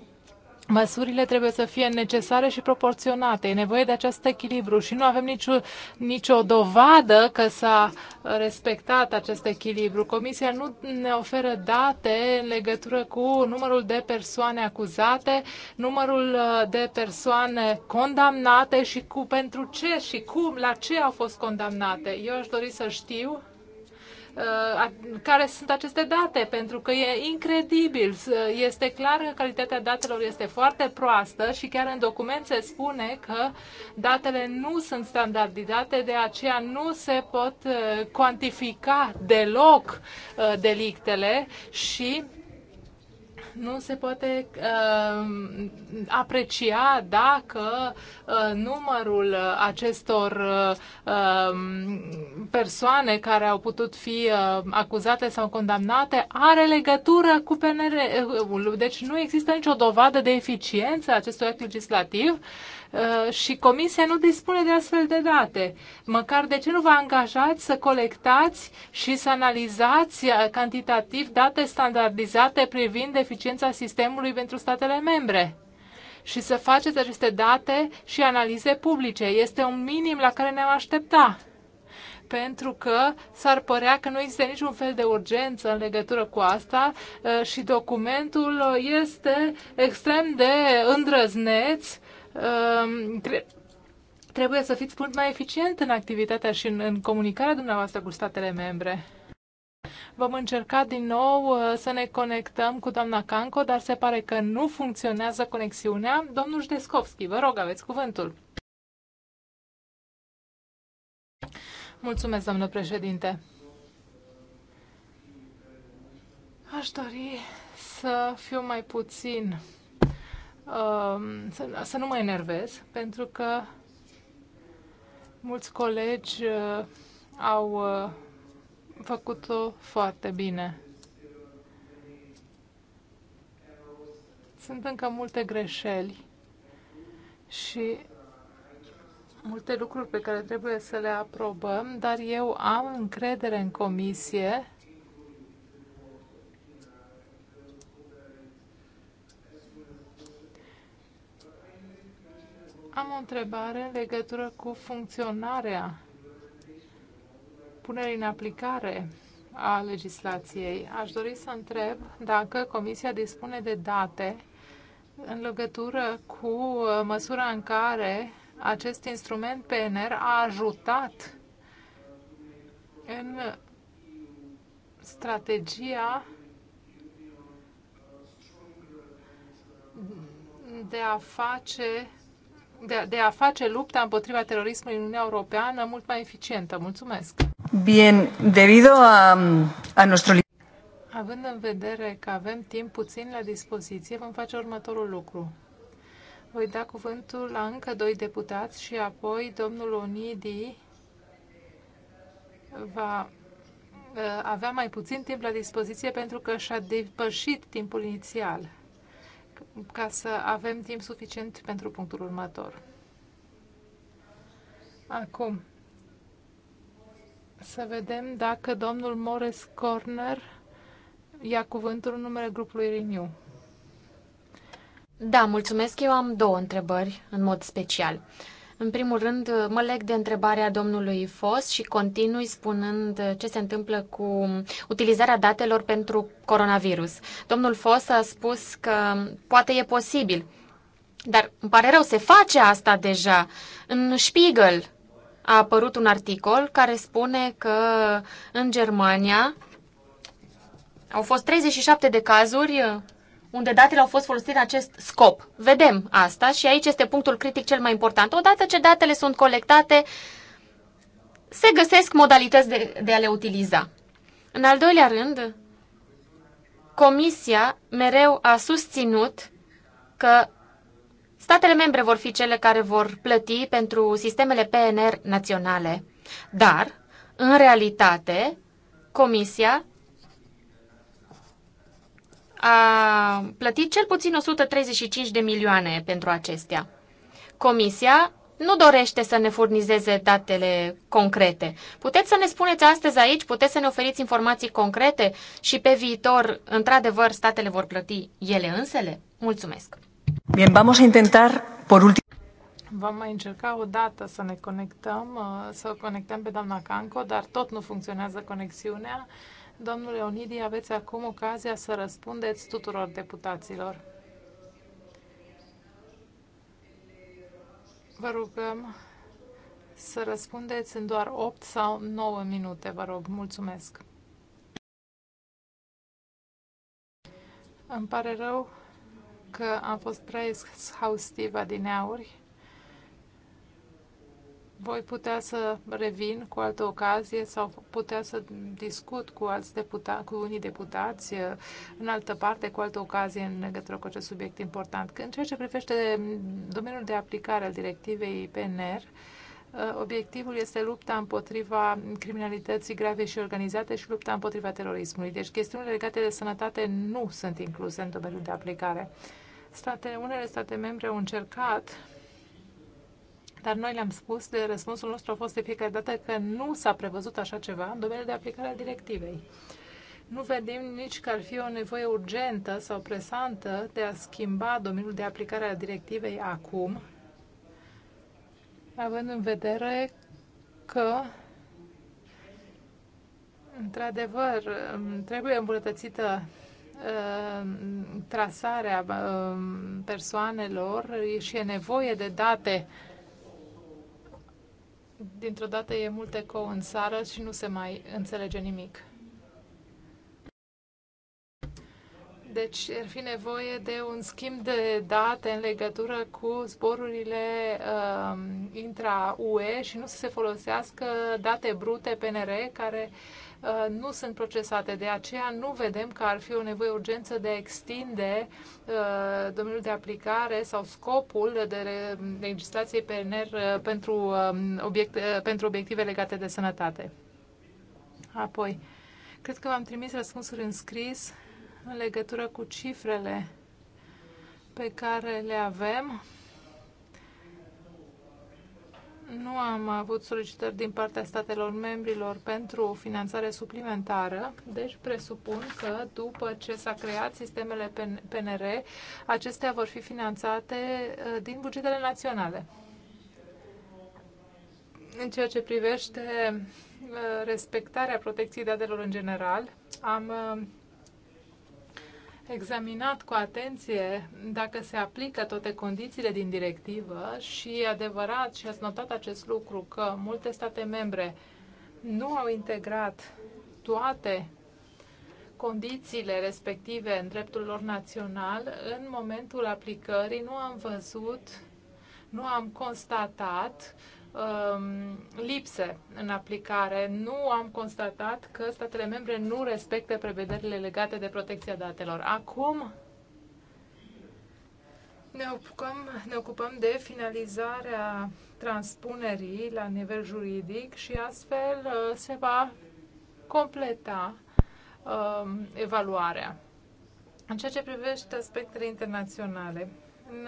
Măsurile trebuie să fie necesare și proporționate. E nevoie de acest echilibru și nu avem nicio, nicio dovadă că s-a respectat acest echilibru. Comisia nu ne oferă date în legătură cu numărul de persoane acuzate, numărul uh, de persoane condamnate și cu pentru ce și cum, la ce au fost condamnate. Eu aș dori să știu Uh, care sunt aceste date, pentru că e incredibil. Uh, este clar că calitatea datelor este foarte proastă și chiar în document se spune că datele nu sunt standardizate, de aceea nu se pot uh, cuantifica deloc delictele și nu se poate uh, aprecia dacă uh, numărul acestor uh, persoane care au putut fi uh, acuzate sau condamnate are legătură cu PNR-ul. Deci nu există nicio dovadă de eficiență acestui act legislativ Uh, și comisia nu dispune de astfel de date. Măcar de ce nu vă angajați să colectați și să analizați uh, cantitativ date standardizate privind eficiența sistemului pentru statele membre? și să faceți aceste date și analize publice. Este un minim la care ne-am aștepta pentru că s-ar părea că nu există niciun fel de urgență în legătură cu asta uh, și documentul este extrem de îndrăzneț Ehm, trebuie să fiți mult mai eficient în activitatea și în, în comunicarea dumneavoastră cu statele membre. Vom încerca din nou uh, să ne conectăm cu doamna Canco, dar se pare că nu funcționează conexiunea. Domnul Jdescovski, vă rog, aveți cuvântul. Mulțumesc, doamnă președinte. Aș dori să fiu mai puțin Um, să, să nu mă enervez, pentru că mulți colegi uh, au uh, făcut-o foarte bine. Sunt încă multe greșeli și multe lucruri pe care trebuie să le aprobăm, dar eu am încredere în comisie Am o întrebare în legătură cu funcționarea punerii în aplicare a legislației. Aș dori să întreb dacă Comisia dispune de date în legătură cu uh, măsura în care acest instrument PNR a ajutat în strategia de a face de, de a face lupta împotriva terorismului în Uniunea Europeană mult mai eficientă. Mulțumesc! Bien, debido a, a nostru... Având în vedere că avem timp puțin la dispoziție, vom face următorul lucru. Voi da cuvântul la încă doi deputați și apoi domnul Onidi va uh, avea mai puțin timp la dispoziție pentru că și-a depășit timpul inițial ca să avem timp suficient pentru punctul următor. Acum, să vedem dacă domnul Morris Corner ia cuvântul în numele grupului Renew. Da, mulțumesc. Eu am două întrebări în mod special. Uh, în primul rând, mă leg de întrebarea domnului Fos și continui spunând ce se întâmplă cu utilizarea datelor pentru coronavirus. Domnul Fos a spus că poate e posibil, dar îmi pare rău, se face asta deja. În Spiegel a apărut un articol care spune că în Germania au fost 37 de cazuri unde datele au fost folosite în acest scop. Vedem asta și aici este punctul critic cel mai important. Odată ce datele sunt colectate, se găsesc modalități de, de a le utiliza. În al doilea rând, Comisia mereu a susținut că statele membre vor fi cele care vor plăti pentru sistemele PNR naționale. Dar, în realitate, Comisia a plătit cel puțin 135 de milioane pentru acestea. Comisia nu dorește să ne furnizeze datele concrete. Puteți să ne spuneți astăzi aici, puteți să ne oferiți informații concrete și pe viitor, într-adevăr, statele vor plăti ele însele? Mulțumesc! Bien, vamos a intentar por ultim- Vom mai încerca o dată să ne conectăm, uh, să o conectăm pe doamna Canco, dar tot nu funcționează conexiunea. Domnule Onidi, aveți acum ocazia să răspundeți tuturor deputaților. Vă rugăm să răspundeți în doar 8 sau 9 minute, vă rog. Mulțumesc. Îmi pare rău că am fost prea exhaustivă din auri. Voi putea să revin cu altă ocazie sau putea să discut cu, alți deputa, cu unii deputați uh, în altă parte, cu altă ocazie în legătură cu acest subiect important. În ceea ce privește domeniul de aplicare al directivei PNR, uh, obiectivul este lupta împotriva criminalității grave și organizate și lupta împotriva terorismului. Deci chestiunile legate de sănătate nu sunt incluse în domeniul de aplicare. State, unele state membre au încercat dar noi le-am spus de răspunsul nostru a fost de fiecare dată că nu s-a prevăzut așa ceva în domeniul de aplicare a directivei. Nu vedem nici că ar fi o nevoie urgentă sau presantă de a schimba domeniul de aplicare a directivei acum, având în vedere că Într-adevăr, trebuie îmbunătățită uh, trasarea uh, persoanelor și e nevoie de date dintr-o dată e mult eco în sară și nu se mai înțelege nimic. Deci ar fi nevoie de un schimb de date în legătură cu zborurile uh, um, intra-UE și nu să se folosească date brute PNR care uh, Uh, nu sunt procesate. De aceea nu vedem că ar fi o nevoie urgență de a extinde uh, domeniul de aplicare sau scopul de legislației PNR uh, pentru, um, obiect, pentru obiective legate de sănătate. Apoi, cred că v-am trimis răspunsuri în scris în legătură cu cifrele pe care le avem nu am avut solicitări din partea statelor membrilor pentru finanțare suplimentară, deci presupun că după ce s-a creat sistemele PNR, acestea vor fi finanțate uh, din bugetele naționale. În ceea ce privește uh, respectarea protecției datelor în general, am uh, examinat cu atenție dacă se aplică toate condițiile din directivă și e adevărat și ați notat acest lucru că multe state membre nu au integrat toate condițiile respective în dreptul lor național, în momentul aplicării nu am văzut, nu am constatat Um, lipse în aplicare. Nu am constatat că statele membre nu respectă prevederile legate de protecția datelor. Acum ne ocupăm, ne ocupăm de finalizarea transpunerii la nivel juridic și astfel uh, se va completa um, evaluarea. În ceea ce privește aspectele internaționale, în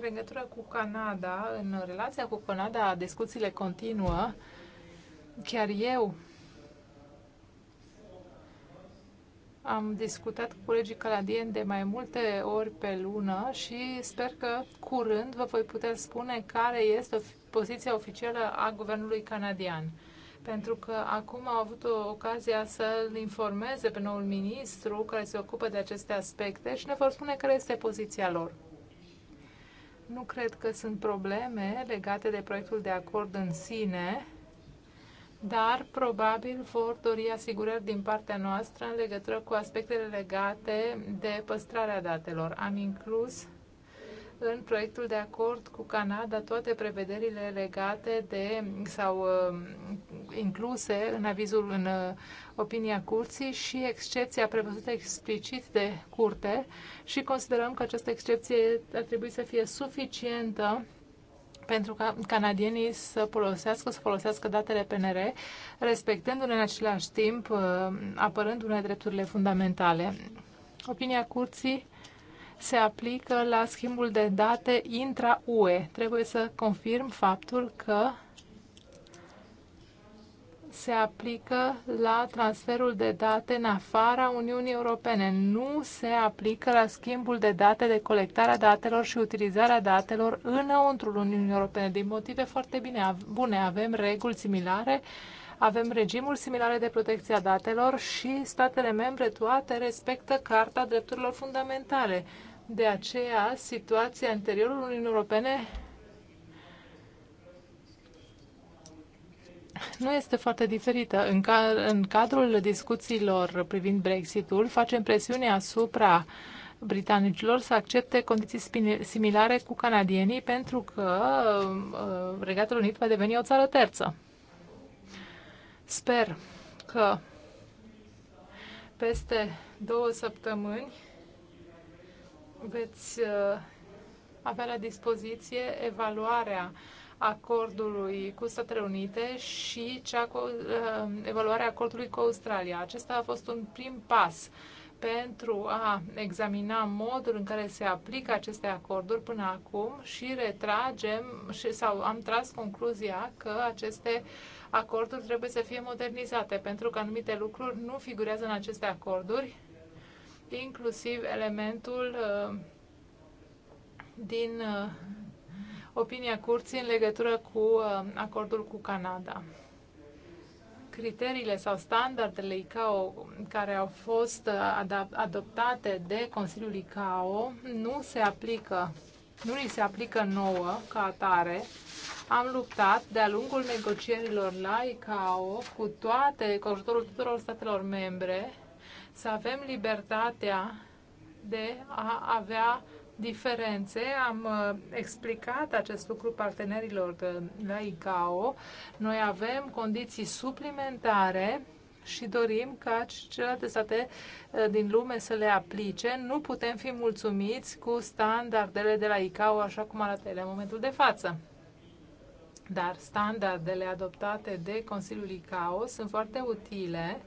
legătură cu Canada, în relația cu Canada, discuțiile continuă. Chiar eu am discutat cu colegii canadieni de mai multe ori pe lună și sper că curând vă voi putea spune care este poziția oficială a guvernului canadian pentru că acum au avut o ocazia să-l informeze pe noul ministru care se ocupă de aceste aspecte și ne vor spune care este poziția lor. Nu cred că sunt probleme legate de proiectul de acord în sine, dar probabil vor dori asigurări din partea noastră în legătură cu aspectele legate de păstrarea datelor. Am inclus în proiectul de acord cu Canada toate prevederile legate de sau uh, incluse în avizul în uh, opinia curții și excepția prevăzută explicit de curte și considerăm că această excepție ar trebui să fie suficientă pentru ca canadienii să folosească, să folosească datele PNR, respectându-ne în același timp, uh, apărându-ne drepturile fundamentale. Opinia curții se aplică la schimbul de date intra-UE. Trebuie să confirm faptul că se aplică la transferul de date în afara Uniunii Europene. Nu se aplică la schimbul de date, de colectarea datelor și utilizarea datelor înăuntrul Uniunii Europene. Din motive foarte bine, bune, avem reguli similare uh, avem regimuri similare de protecție a datelor și statele membre toate respectă Carta Drepturilor Fundamentale. De aceea, situația interiorului Uniunii Europene nu este foarte diferită. În, ca, în cadrul discuțiilor privind Brexitul, facem presiune asupra britanicilor să accepte condiții similare cu canadienii pentru că uh, Regatul Unit va deveni o țară terță. Sper că peste două săptămâni veți uh, avea la dispoziție evaluarea acordului cu Statele Unite și cea cu, uh, evaluarea acordului cu Australia. Acesta a fost un prim pas pentru a examina modul în care se aplică aceste acorduri până acum și retragem și, sau am tras concluzia că aceste uh, acorduri trebuie să fie modernizate, pentru că anumite lucruri nu figurează în aceste acorduri, inclusiv elementul uh, din uh, opinia curții în legătură cu uh, acordul cu Canada criteriile sau standardele ICAO care au fost adoptate de Consiliul ICAO nu se aplică nu li se aplică nouă ca atare. Am luptat de-a lungul negocierilor la ICAO cu toate, cu ajutorul tuturor statelor membre, să avem libertatea de a avea diferențe. Am uh, explicat acest lucru partenerilor de la ICAO. Noi avem condiții suplimentare și dorim ca celelalte state eh, din lume să le aplice. Nu putem fi mulțumiți cu standardele de la ICAO așa cum arată ele în momentul de față. Dar standardele adoptate de Consiliul ICAO sunt foarte utile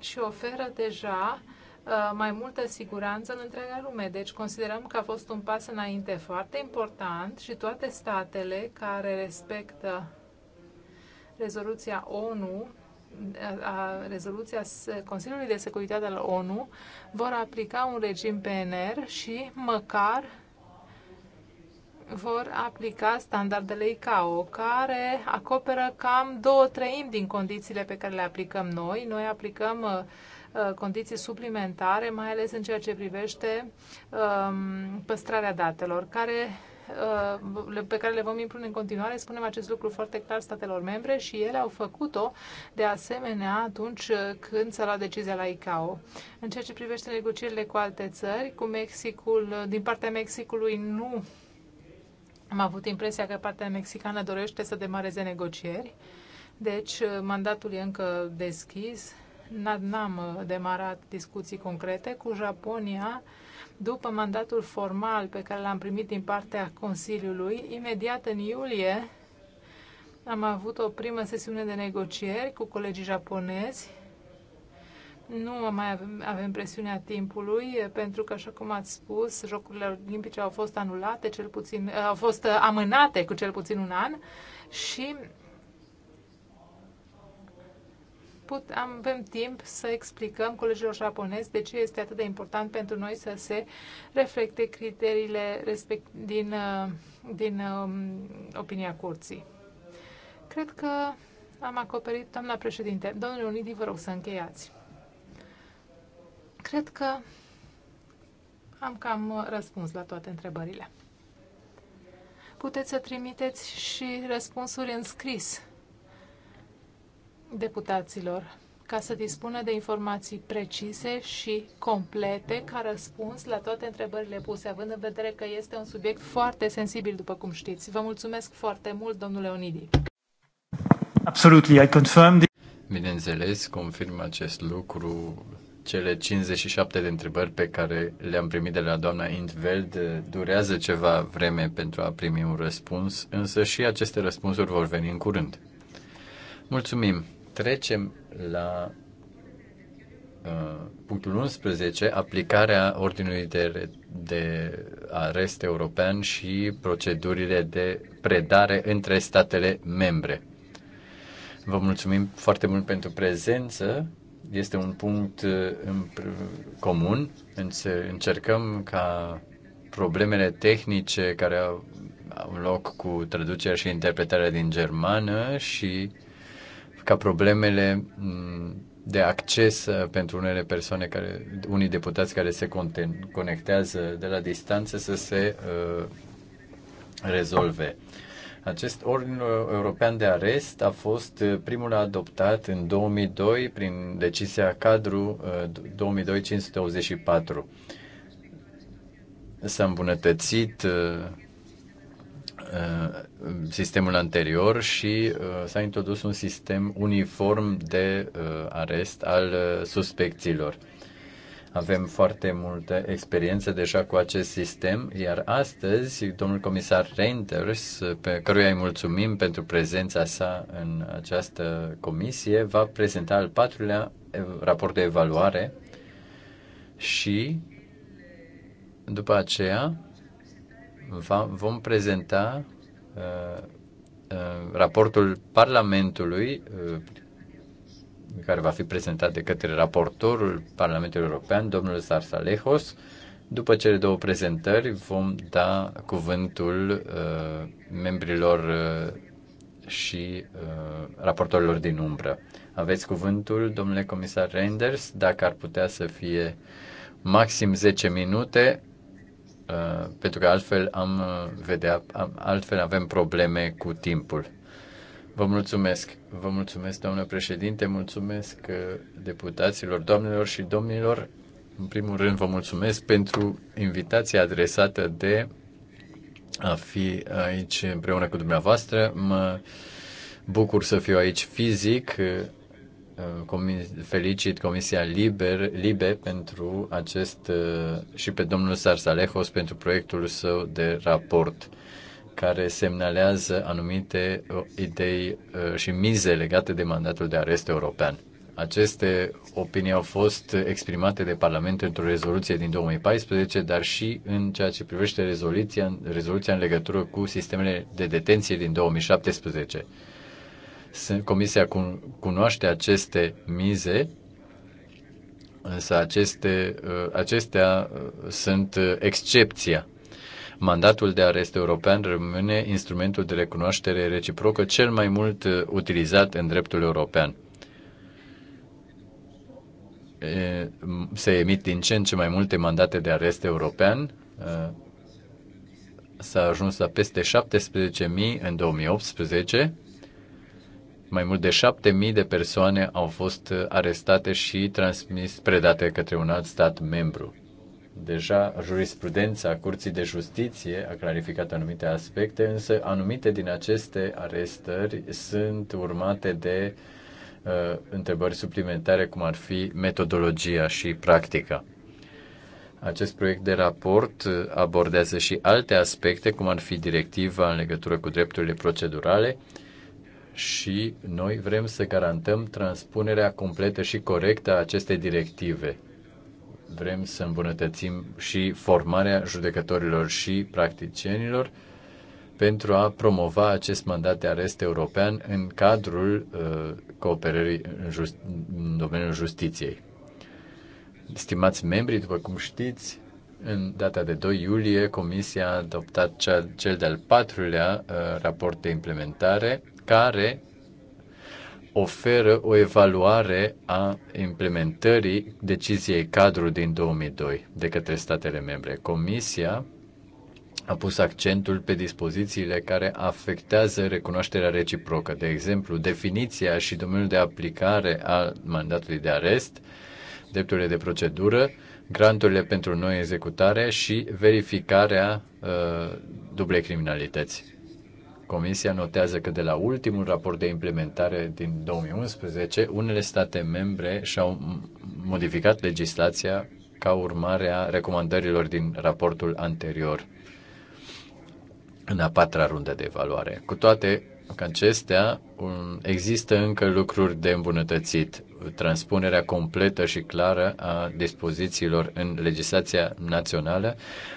și oferă deja eh, mai multă siguranță în întreaga lume. Deci considerăm că a fost un pas înainte foarte important și toate statele care respectă rezoluția ONU, a rezoluția Consiliului de Securitate al ONU, vor aplica un regim PNR și măcar vor aplica standardele ICAO, care acoperă cam două treimi din condițiile pe care le aplicăm noi. Noi aplicăm uh, uh condiții suplimentare, mai ales în ceea ce privește um, păstrarea datelor, care Uh, pe care le vom impune în continuare. Spunem acest lucru foarte clar statelor membre și ele au făcut-o de asemenea atunci când s-a luat decizia la ICAO. În ceea ce privește negocierile cu alte țări, cu Mexicul, din partea Mexicului nu am avut impresia că partea mexicană dorește să demareze negocieri. Deci, uh, mandatul e încă deschis. N-am uh, demarat discuții concrete. Cu Japonia, după mandatul formal pe care l-am primit din partea Consiliului, imediat în iulie am avut o primă sesiune de negocieri cu colegii japonezi. Nu mai avem, avem presiunea timpului, pentru că, așa cum ați spus, Jocurile Olimpice au fost anulate, cel puțin, au fost amânate cu cel puțin un an și put, am, avem timp să explicăm colegilor japonezi de ce este atât de important pentru noi să se reflecte criteriile respect, din, uh, din um, opinia curții. Cred că am acoperit, doamna președinte, domnule Unidi, vă rog să încheiați. Cred că am cam răspuns la toate întrebările. Puteți să trimiteți și răspunsuri în scris deputaților ca să dispună de informații precise și complete ca răspuns la toate întrebările puse, având în vedere că este un subiect foarte sensibil, după cum știți. Vă mulțumesc foarte mult, domnule Onidi. Absolutely, I confirm the... Bineînțeles, confirm acest lucru. Cele 57 de întrebări pe care le-am primit de la doamna Intveld eh, durează ceva vreme pentru a primi un răspuns, însă și aceste răspunsuri vor veni în curând. Mulțumim! Trecem la uh, punctul 11, aplicarea ordinului de, de arest european și procedurile de predare între statele membre. Vă mulțumim foarte mult pentru prezență. Este un punct uh, în comun. Încercăm ca problemele tehnice care au, au loc cu traducerea și interpretarea din germană și ca problemele mm, de acces uh, pentru unele persoane, care, unii deputați care se conectează de la distanță să se uh, rezolve. Acest ordin uh, european de arest a fost primul adoptat în 2002 prin decizia cadru 2002-524. S-a îmbunătățit sistemul anterior și uh, s-a introdus un sistem uniform de uh, arest al uh, suspecților. Avem foarte multă experiență deja cu acest sistem, iar astăzi domnul comisar Reinders, pe căruia îi mulțumim pentru prezența sa în această comisie, va prezenta al patrulea raport de evaluare și după aceea vom prezenta Uh, uh, raportul Parlamentului uh, care va fi prezentat de către raportorul Parlamentului European, domnul Sarsalejos. După cele două prezentări vom da cuvântul uh, membrilor uh, și uh, raportorilor din umbră. Aveți cuvântul, domnule comisar Reinders, dacă ar putea să fie maxim 10 minute, Uh, pentru că altfel am uh, vedea, altfel avem probleme cu timpul. Vă mulțumesc. Vă mulțumesc, doamnă președinte, mulțumesc uh, deputaților, doamnelor și domnilor. În primul rând, vă mulțumesc pentru invitația adresată de a fi aici împreună cu dumneavoastră. Mă bucur să fiu aici fizic. Uh, felicit Comisia Liber, Libe pentru acest uh, și pe domnul Sarsalehos pentru proiectul său de raport care semnalează anumite uh, idei și mize legate de mandatul de arest european. Aceste opinii au fost exprimate de Parlament într-o rezoluție din 2014, dar și în ceea ce privește rezoluția, rezoluția în legătură cu sistemele de detenție din 2017 Comisia cunoaște aceste mize, însă aceste, uh, acestea uh, sunt uh, excepția. Mandatul de arest european rămâne instrumentul de recunoaștere reciprocă cel mai mult utilizat în dreptul european. Se emit din ce în ce mai multe mandate de arest european. S-a ajuns la peste 17.000 în 2018 mai mult de 7.000 de persoane au fost uh, arestate și transmis predate către un alt stat membru. Deja jurisprudența Curții de Justiție a clarificat anumite aspecte, însă anumite din aceste arestări sunt urmate de uh, întrebări suplimentare, cum ar fi metodologia și practica. Acest proiect de raport uh, abordează și alte aspecte, cum ar fi directiva în legătură cu drepturile procedurale și noi vrem să garantăm transpunerea completă și corectă a acestei directive. Vrem să îmbunătățim și formarea judecătorilor și practicienilor pentru a promova acest mandat de arest european în cadrul uh, cooperării în, just, în domeniul justiției. Stimați membri, după cum știți, în data de 2 iulie, Comisia a adoptat cel de-al patrulea uh, raport de implementare care oferă o evaluare a implementării deciziei cadru din 2002 de către statele membre. Comisia a pus accentul pe dispozițiile care afectează recunoașterea reciprocă, de exemplu, definiția și domeniul de aplicare al mandatului de arest, drepturile de procedură, granturile pentru noi executare și verificarea uh, dublei criminalități. Comisia notează că de la ultimul raport de implementare din 2011, unele state membre și-au modificat legislația ca urmare a recomandărilor din raportul anterior în a patra rundă de evaluare. Cu toate că acestea um, există încă lucruri de îmbunătățit. Transpunerea completă și clară a dispozițiilor în legislația națională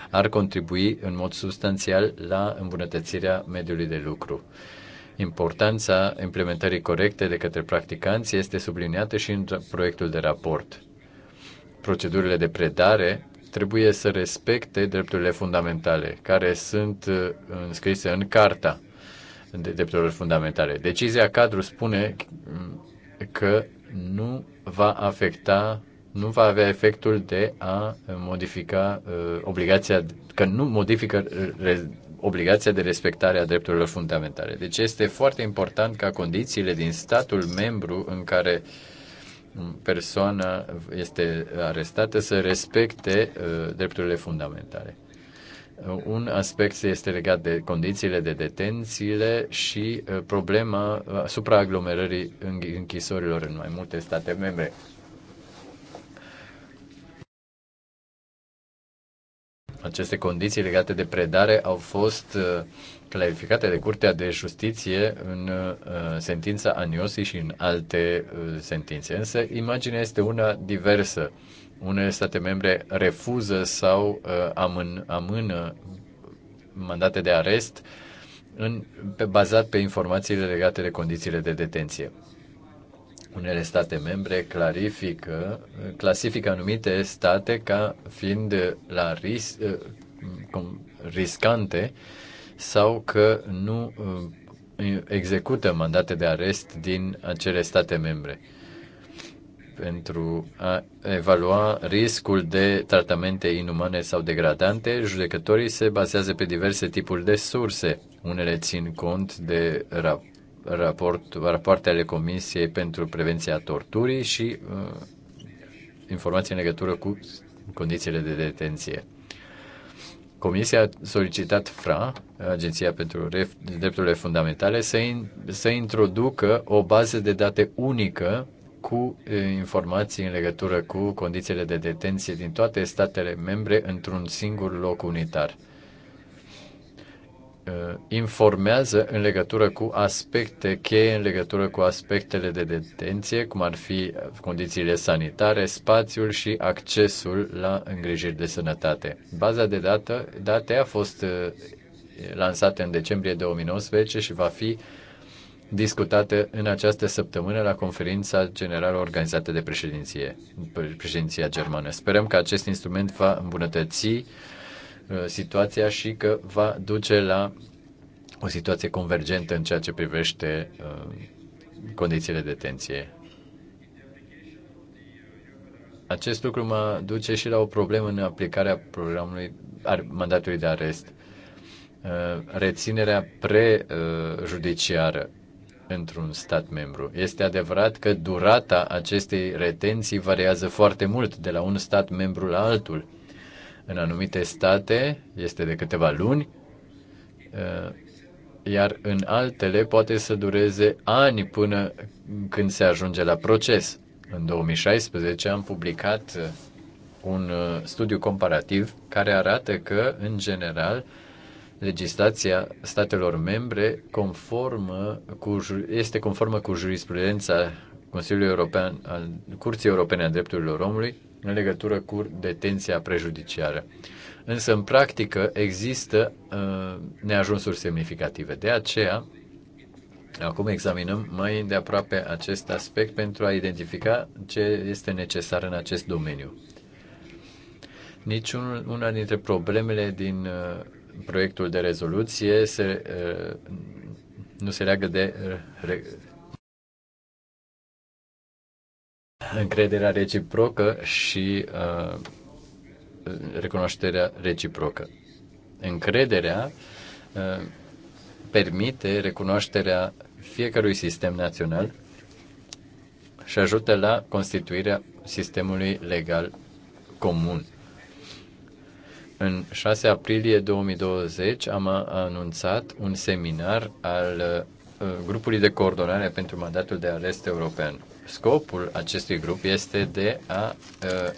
ar contribui în mod substanțial la îmbunătățirea mediului de lucru. Importanța implementării corecte de către practicanți este subliniată și în proiectul de raport. Procedurile de predare trebuie să respecte drepturile fundamentale, care sunt uh, înscrise în Carta de drepturile fundamentale. Decizia cadru spune că nu va afecta, nu va avea efectul de a modifica uh, obligația, că nu modifică uh, re, obligația de respectare a drepturilor fundamentale. Deci este foarte important ca condițiile din statul membru în care um, persoana este arestată să respecte uh, drepturile fundamentale. Uh, un aspect este legat de condițiile de detențiile și uh, problema uh, supraaglomerării închisorilor în mai multe state membre. Aceste condiții legate de predare au fost clarificate de Curtea de Justiție în sentința Aniosi și în alte sentințe. Însă imaginea este una diversă unele state membre refuză sau uh, amân, amână mandate de arest în, pe, bazat pe informațiile legate de condițiile de detenție. Unele state membre clarifică, clasifică anumite state ca fiind la ris, uh, riscante sau că nu uh, execută mandate de arest din acele state membre pentru a evalua riscul de tratamente inumane sau degradante, judecătorii se bazează pe diverse tipuri de surse. Unele țin cont de rap- raport, rapoarte ale Comisiei pentru Prevenția Torturii și uh, informații în legătură cu condițiile de detenție. Comisia a solicitat FRA, Agenția pentru Drepturile Fundamentale, să, in, să introducă o bază de date unică cu eh, informații în legătură cu condițiile de detenție din toate statele membre într-un singur loc unitar. Eh, informează în legătură cu aspecte cheie, în legătură cu aspectele de detenție, cum ar fi condițiile sanitare, spațiul și accesul la îngrijiri de sănătate. Baza de date a fost eh, lansată în decembrie 2019 și va fi discutate în această săptămână la conferința generală organizată de președinție, președinția germană. Sperăm că acest instrument va îmbunătăți uh, situația și că va duce la o situație convergentă în ceea ce privește uh, condițiile de tensie. Acest lucru mă duce și la o problemă în aplicarea programului mandatului de arest uh, reținerea prejudiciară într-un stat membru. Este adevărat că durata acestei retenții variază foarte mult de la un stat membru la altul. În anumite state este de câteva luni, uh, iar în altele poate să dureze ani până când se ajunge la proces. În 2016 am publicat uh, un uh, studiu comparativ care arată că, în general, legislația statelor membre conformă cu, este conformă cu jurisprudența Consiliului European al Curții Europene a Drepturilor Omului în legătură cu detenția prejudiciară. Însă, în practică, există uh, neajunsuri semnificative. De aceea, acum examinăm mai îndeaproape acest aspect pentru a identifica ce este necesar în acest domeniu. Niciunul una dintre problemele din uh, proiectul de rezoluție se, uh, nu se leagă de uh, re, încrederea reciprocă și uh, recunoașterea reciprocă. Încrederea uh, permite recunoașterea fiecărui sistem național și ajută la constituirea sistemului legal comun. În 6 aprilie 2020 am anunțat un seminar al uh, grupului de coordonare pentru mandatul de arest european. Scopul acestui grup este de a uh,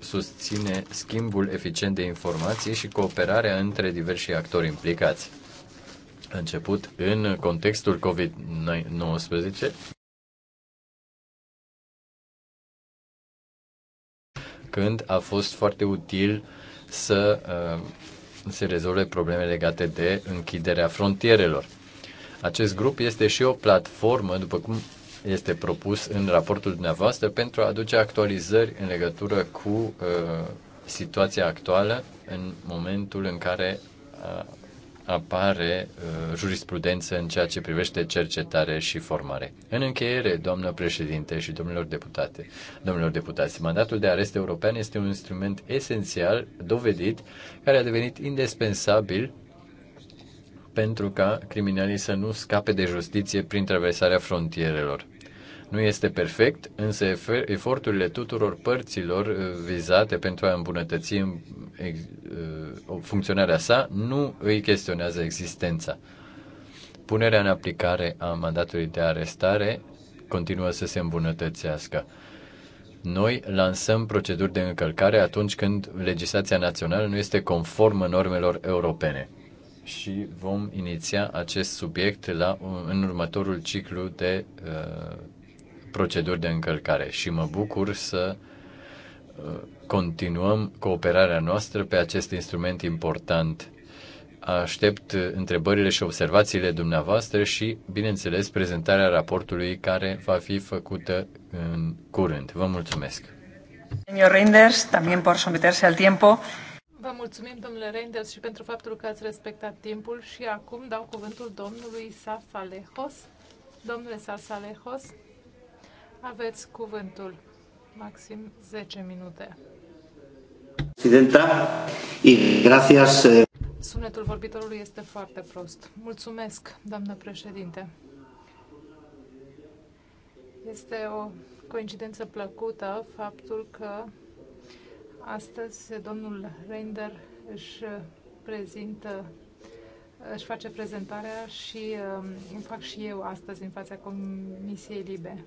susține schimbul eficient de informații și cooperarea între diversi actori implicați. A început în contextul COVID-19, când a fost foarte util uh, Uh, să se rezolve probleme legate de închiderea frontierelor. Acest grup este și o platformă, după cum este propus în raportul dumneavoastră, pentru a aduce actualizări în legătură cu uh, situația actuală în momentul în care uh, apare uh, jurisprudență în ceea ce privește cercetare și formare. În încheiere, doamnă președinte și domnilor deputate, domnilor deputați, mandatul de arest european este un instrument esențial, dovedit, care a devenit indispensabil pentru ca criminalii să nu scape de justiție prin traversarea frontierelor. Nu este perfect, însă eforturile tuturor părților uh, vizate pentru a îmbunătăți um, uh, funcționarea sa nu îi chestionează existența. Punerea în aplicare a mandatului de arestare continuă să se îmbunătățească. Noi lansăm proceduri de încălcare atunci când legislația națională nu este conformă normelor europene și vom iniția acest subiect la, în următorul ciclu de uh, proceduri de încălcare și mă bucur să uh, continuăm cooperarea noastră pe acest instrument important. Aștept întrebările și observațiile dumneavoastră și, bineînțeles, prezentarea raportului care va fi făcută în curând. Vă mulțumesc! Señor Reinders, también por someterse al tiempo. Vă mulțumim, domnule Reinders, și pentru faptul că ați respectat timpul și acum dau cuvântul domnului Safalehos. Domnule Safalehos, aveți cuvântul. Maxim 10 minute. Presidenta, y gracias. Eh, Sunetul vorbitorului este foarte prost. Mulțumesc, doamnă președinte. Este o coincidență plăcută faptul că astăzi domnul Reinder își prezintă își face prezentarea și uh, fac și eu astăzi în fața Comisiei Libe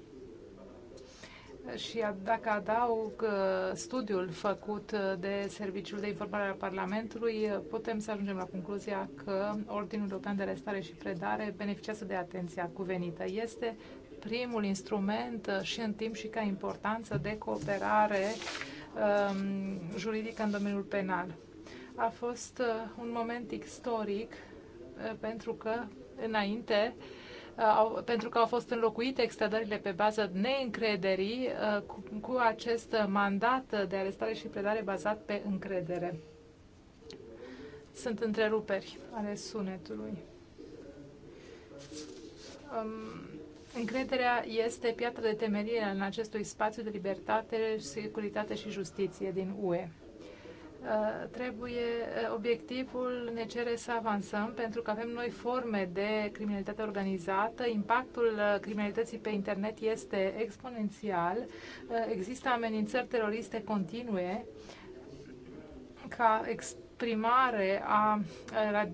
și dacă adaug uh, studiul făcut uh, de Serviciul de Informare al Parlamentului, uh, putem să ajungem la concluzia că Ordinul European de Restare și Predare beneficiază de atenția cuvenită. Este primul instrument și în timp și ca importanță de cooperare um, juridică în domeniul penal. A fost un moment istoric pentru că înainte uh, Uh, au, pentru că au fost înlocuite extradările pe bază neîncrederii uh, cu, cu acest mandat de arestare și predare bazat pe încredere. Sunt întreruperi ale sunetului. Um, încrederea este piatra de temelie în acestui spațiu de libertate, securitate și justiție din UE. Uh, trebuie, uh, obiectivul ne cere să avansăm pentru că avem noi forme de criminalitate organizată, impactul uh, criminalității pe internet este exponențial, există amenințări teroriste continue ca exprimare a, a,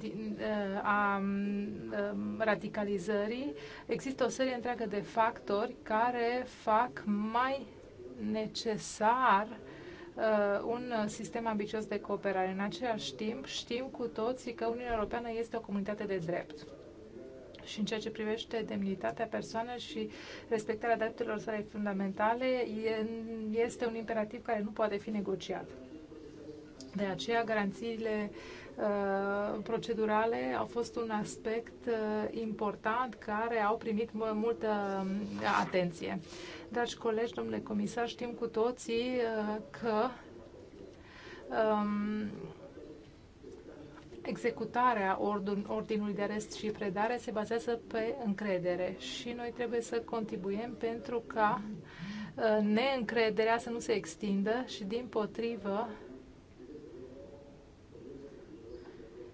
a um, radicalizării. Există o serie întreagă de factori care fac mai necesar uh, Uh, un sistem ambicios de cooperare. În același timp, știm cu toții că Uniunea Europeană este o comunitate de drept și în ceea ce privește demnitatea persoanei și respectarea drepturilor sale fundamentale, este un imperativ care nu poate fi negociat. De aceea, garanțiile uh, procedurale au fost un aspect uh, important care au primit multă atenție. Dragi colegi, domnule comisar, știm cu toții uh, că um, executarea ordin, ordinului de arest și predare se bazează pe încredere și noi trebuie să contribuim pentru ca uh, neîncrederea să nu se extindă și din potrivă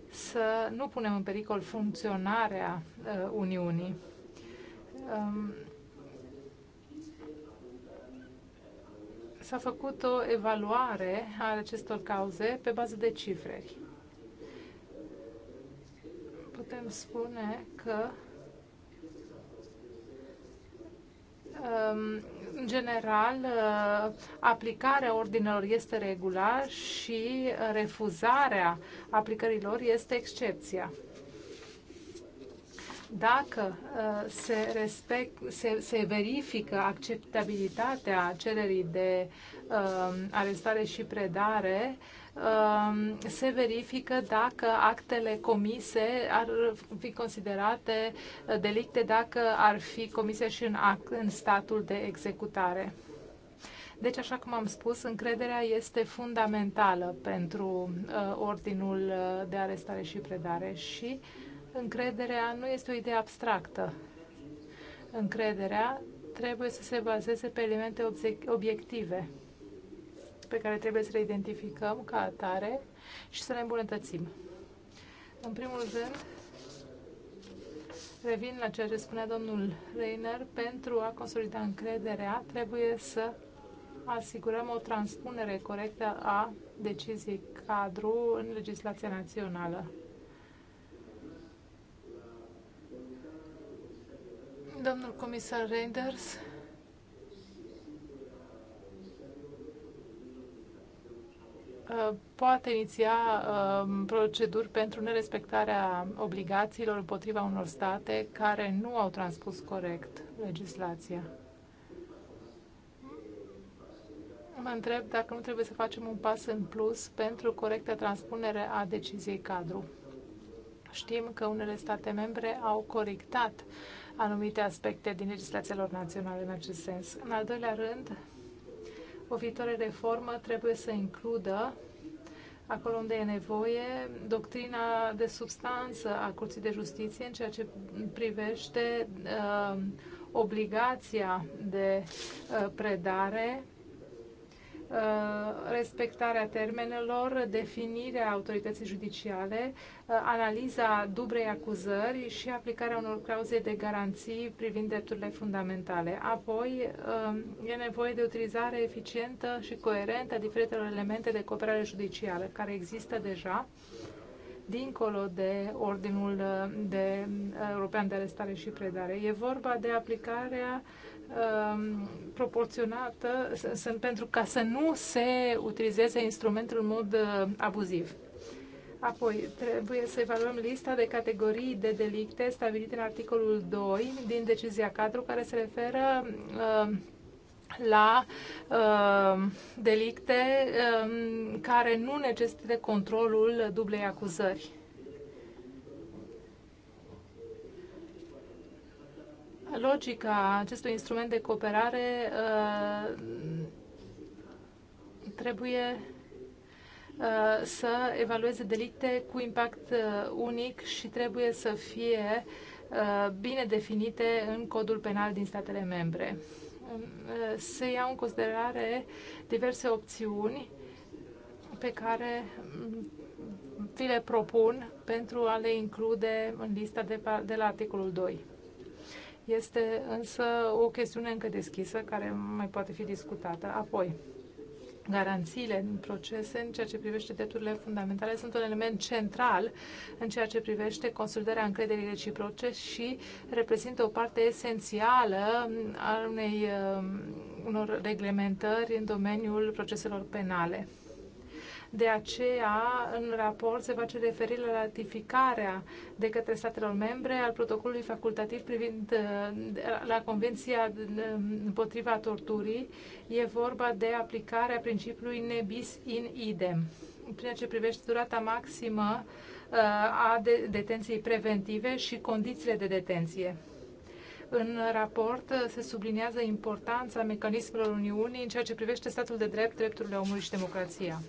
să nu punem în pericol funcționarea uh, Uniunii. Um, S-a făcut o evaluare a acestor cauze pe bază de cifre. Putem spune că um, în general, uh, aplicarea ordinelor este regulă și refuzarea aplicărilor este excepția. Dacă uh, se, respect, se, se verifică acceptabilitatea cererii de uh, arestare și predare, uh, se verifică dacă actele comise ar fi considerate uh, delicte dacă ar fi comise și în, act, în statul de executare. Deci, așa cum am spus, încrederea este fundamentală pentru uh, ordinul uh, de arestare și predare și uh, încrederea nu este o idee abstractă. Încrederea trebuie să se bazeze pe elemente obiective pe care trebuie să le identificăm ca atare și să le îmbunătățim. În primul rând, revin la ceea ce spunea domnul Reiner, pentru a consolida încrederea trebuie să asigurăm o transpunere corectă a deciziei cadru în legislația națională. Domnul comisar Reinders. Uh, poate iniția uh, proceduri pentru nerespectarea obligațiilor împotriva unor state care nu au transpus corect legislația. Mă întreb dacă nu trebuie să facem un pas în plus pentru corectă transpunere a deciziei cadru. Știm că unele state membre au corectat anumite aspecte din legislațiilor naționale în acest sens. În al doilea rând, o viitoare reformă trebuie să includă acolo unde e nevoie, doctrina de substanță a Curții de Justiție în ceea ce privește uh, obligația de uh, predare Uh, respectarea termenelor, definirea autorității judiciale, uh, analiza dubrei acuzări și aplicarea unor clauze de garanții privind drepturile fundamentale. Apoi, uh, e nevoie de utilizare eficientă și coerentă a diferitelor elemente de cooperare judiciară care există deja dincolo de Ordinul de European de Arestare și Predare. E vorba de aplicarea uh, Um, proporționată, sunt pentru ca să nu se utilizeze instrumentul în mod uh, abuziv. Apoi, trebuie să evaluăm lista de categorii de delicte stabilite în articolul 2 din decizia cadru care se referă uh, la uh, delicte uh, care nu necesită controlul dublei acuzări. Logica acestui instrument de cooperare uh, trebuie uh, să evalueze delicte cu impact uh, unic și trebuie să fie bine definite în codul penal din statele membre. Um, se iau în considerare diverse opțiuni pe care mm, vi le propun pentru a le include în lista de, la articolul 2. Este însă o chestiune încă deschisă care mai poate fi discutată. Apoi, garanțiile în procese în ceea ce privește drepturile fundamentale sunt un element central în ceea ce privește consolidarea încrederii reciproce și reprezintă o parte esențială a unei, um, unor reglementări în domeniul proceselor penale. De aceea, în raport se face referire la ratificarea de către statelor membre al protocolului facultativ privind uh, la Convenția uh, împotriva torturii. E vorba de aplicarea principiului nebis in idem. În ceea ce privește durata maximă uh, a detenției preventive și condițiile de detenție. În raport se subliniază importanța mecanismelor Uniunii în ceea ce privește statul de drept, drepturile omului și democrația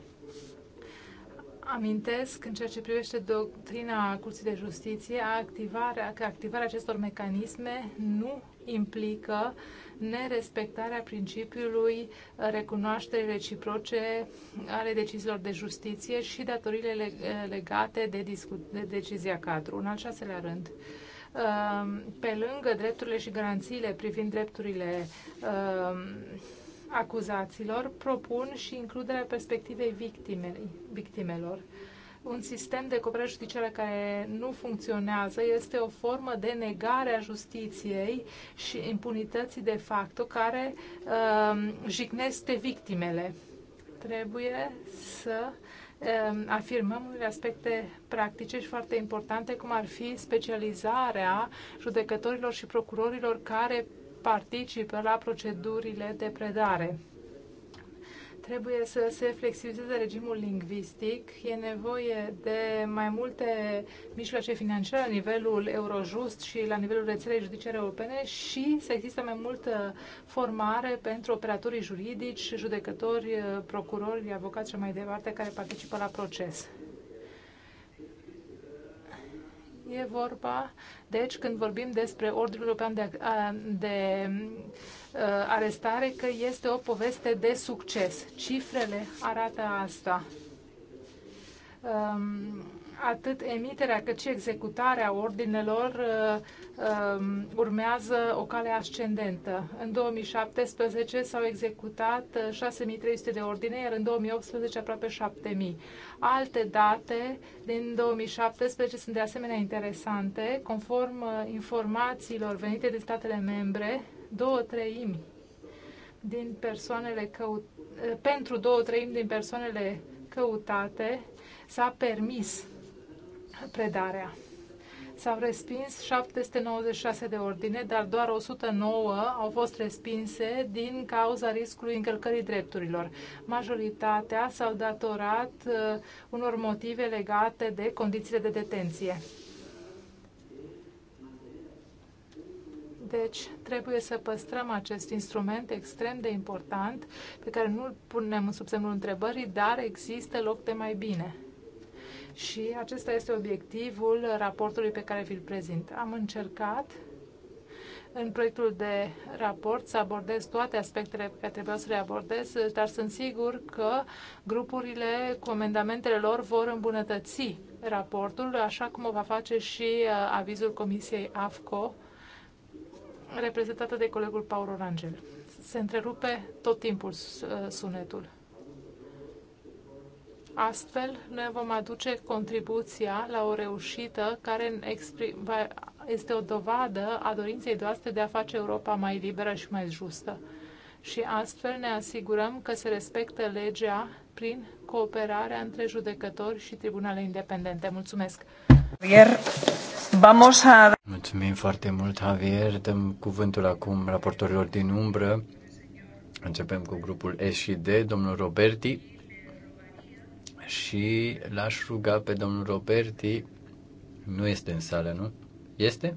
amintesc în ceea ce privește doctrina Curții de Justiție activarea, că activarea acestor mecanisme nu implică nerespectarea principiului recunoașterii reciproce ale deciziilor de justiție și datorile legate de, de decizia cadru. În al șaselea rând, um, pe lângă drepturile și garanțiile privind drepturile um, acuzaților, propun și includerea perspectivei victimei, victimelor. Un sistem de cooperare judiciară care nu funcționează este o formă de negare a justiției și impunității de facto care uh, um, jignesc victimele. Trebuie să um, afirmăm unele aspecte practice și foarte importante, cum ar fi specializarea judecătorilor și procurorilor care participă la procedurile de predare. Trebuie să se flexibilizeze regimul lingvistic, e nevoie de mai multe mijloace financiare la nivelul Eurojust și la nivelul rețelei judiciare europene și să există mai multă formare pentru operatorii juridici, judecători, procurori, avocați și mai departe care participă la proces. E vorba, deci, când vorbim despre Ordinul European de, de uh, Arestare, că este o poveste de succes. Cifrele arată asta. Um, atât emiterea cât și executarea ordinelor uh, um, urmează o cale ascendentă. În 2017 s-au executat 6300 uh, de ordine, iar în 2018 aproape 7000. Alte date din 2017 sunt de asemenea interesante. Conform uh, informațiilor venite din statele membre, două treimi din persoanele căut- pentru două treimi din persoanele căutate s-a permis predarea. S-au respins 796 de ordine, dar doar 109 au fost respinse din cauza riscului încălcării drepturilor. Majoritatea s-au datorat uh, unor motive legate de condițiile de detenție. Deci trebuie să păstrăm acest instrument extrem de important pe care nu-l punem sub semnul întrebării, dar există loc de mai bine. Și acesta este obiectivul raportului pe care vi-l prezint. Am încercat în proiectul de raport să abordez toate aspectele pe care trebuie să le abordez, dar sunt sigur că grupurile cu amendamentele lor vor îmbunătăți raportul, așa cum o va face și uh, avizul Comisiei AFCO, reprezentată de colegul Paul Orangel. Se întrerupe tot timpul uh, sunetul. Astfel, ne vom aduce contribuția la o reușită care este o dovadă a dorinței doastre de a face Europa mai liberă și mai justă. Și astfel ne asigurăm că se respectă legea prin cooperarea între judecători și tribunale independente. Mulțumesc! Mulțumim foarte mult, Javier. Dăm cuvântul acum raportorilor din umbră. Începem cu grupul S și D, domnul Roberti și l-aș ruga pe domnul Roberti. Nu este în sală, nu? Este?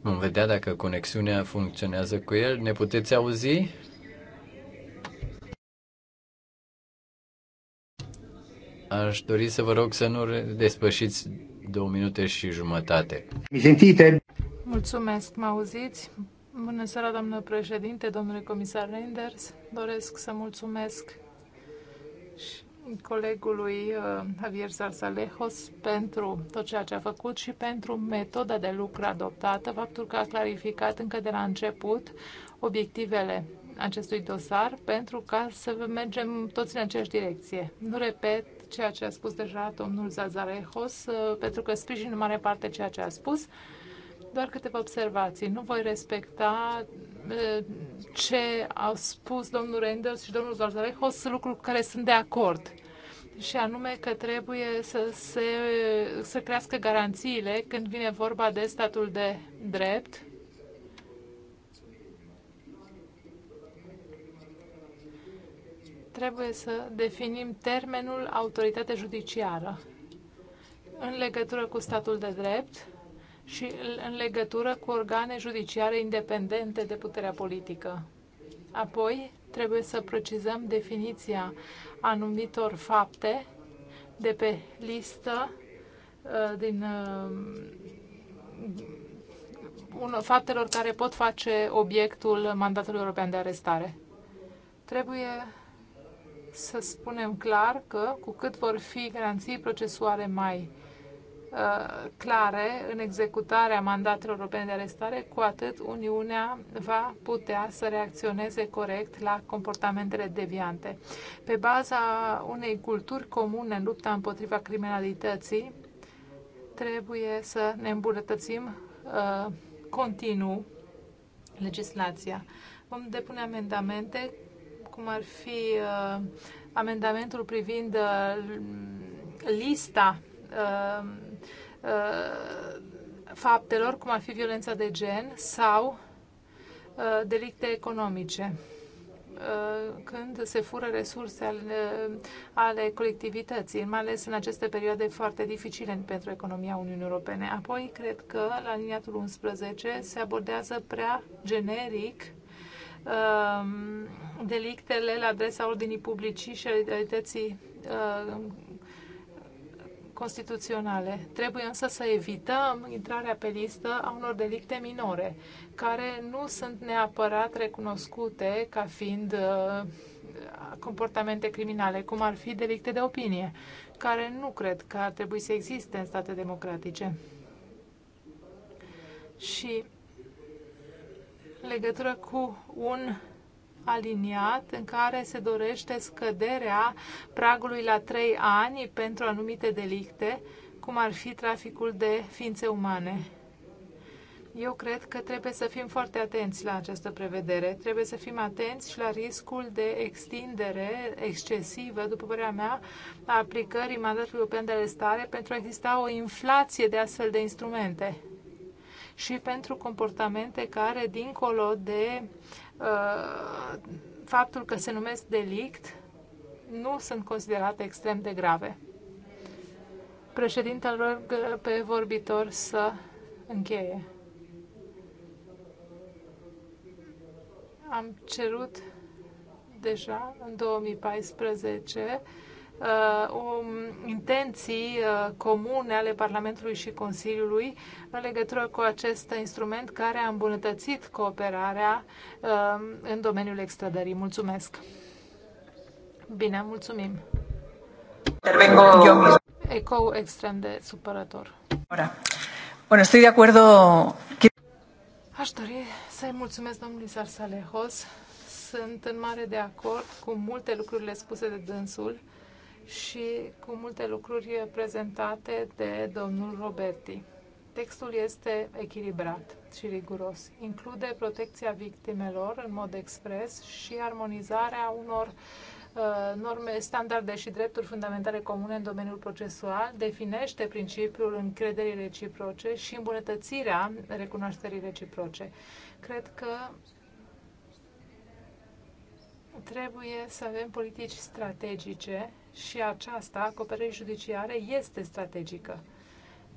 Vom vedea dacă conexiunea funcționează cu el. Ne puteți auzi? Aș dori să vă rog să nu despășiți două minute și jumătate. Mi sentite? Mulțumesc, mă auziți? Bună seara, doamnă președinte, domnule comisar Reinders. Doresc să mulțumesc și colegului uh, Javier Sarsalejos pentru tot ceea ce a făcut și pentru metoda de lucru adoptată, faptul că a clarificat încă de la început obiectivele acestui dosar pentru ca să mergem toți în aceeași direcție. Nu repet ceea ce a spus deja domnul Zazarejos, uh, pentru că sprijin în mare parte ceea ce a spus doar câteva observații. Nu voi respecta ce au spus domnul Reinders și domnul Zarzalejos, lucruri cu care sunt de acord și anume că trebuie să, se, să crească garanțiile când vine vorba de statul de drept. Trebuie să definim termenul autoritate judiciară în legătură cu statul de drept și în legătură cu organe judiciare independente de puterea politică. Apoi, trebuie să precizăm definiția anumitor fapte de pe listă uh, din uh, faptelor care pot face obiectul mandatului european de arestare. Trebuie să spunem clar că cu cât vor fi garanții procesuale mai uh, Uh, clare în executarea mandatelor europene de arestare, cu atât Uniunea va putea să reacționeze corect la comportamentele deviante. Pe baza unei culturi comune în lupta împotriva criminalității, trebuie să ne îmbunătățim uh, continuu legislația. Vom depune amendamente, cum ar fi uh, amendamentul privind uh, lista uh, Uh, faptelor, cum ar fi violența de gen sau uh, delicte economice uh, când se fură resurse ale, ale colectivității, mai ales în aceste perioade foarte dificile pentru economia Uniunii Europene. Apoi, cred că la liniatul 11 se abordează prea generic um, delictele la adresa ordinii publici și realității uh, constituționale. Trebuie însă să evităm intrarea pe listă a unor delicte minore, care nu sunt neapărat recunoscute ca fiind uh, comportamente criminale, cum ar fi delicte de opinie, care nu cred că ar trebui să existe în state democratice. Și legătură cu un aliniat în care se dorește scăderea pragului la 3 ani pentru anumite delicte, cum ar fi traficul de ființe umane. Eu cred că trebuie să fim foarte atenți la această prevedere. Trebuie să fim atenți și la riscul de extindere excesivă, după părerea mea, a aplicării mandatului european de arestare pentru a exista o inflație de astfel de instrumente și pentru comportamente care, dincolo de Uh, faptul că se numesc delict nu sunt considerate extrem de grave. Președintele rog uh, pe vorbitor să încheie. Am cerut deja în 2014 Uh, um, intenții uh, comune ale Parlamentului și Consiliului în legătură cu acest instrument care a îmbunătățit cooperarea uh, în domeniul extradării. Mulțumesc! Bine, mulțumim! Eco extrem de supărător. Bueno, estoy de acuerdo... Aș dori să-i mulțumesc domnului Sarsalejos. Sunt în mare de acord cu multe lucrurile spuse de dânsul și cu multe lucruri prezentate de domnul Roberti. Textul este echilibrat și riguros. Include protecția victimelor în mod expres și armonizarea unor uh, norme, standarde și drepturi fundamentale comune în domeniul procesual, definește principiul încrederii reciproce și îmbunătățirea recunoașterii reciproce. Cred că trebuie să avem politici strategice și aceasta acoperire judiciară este strategică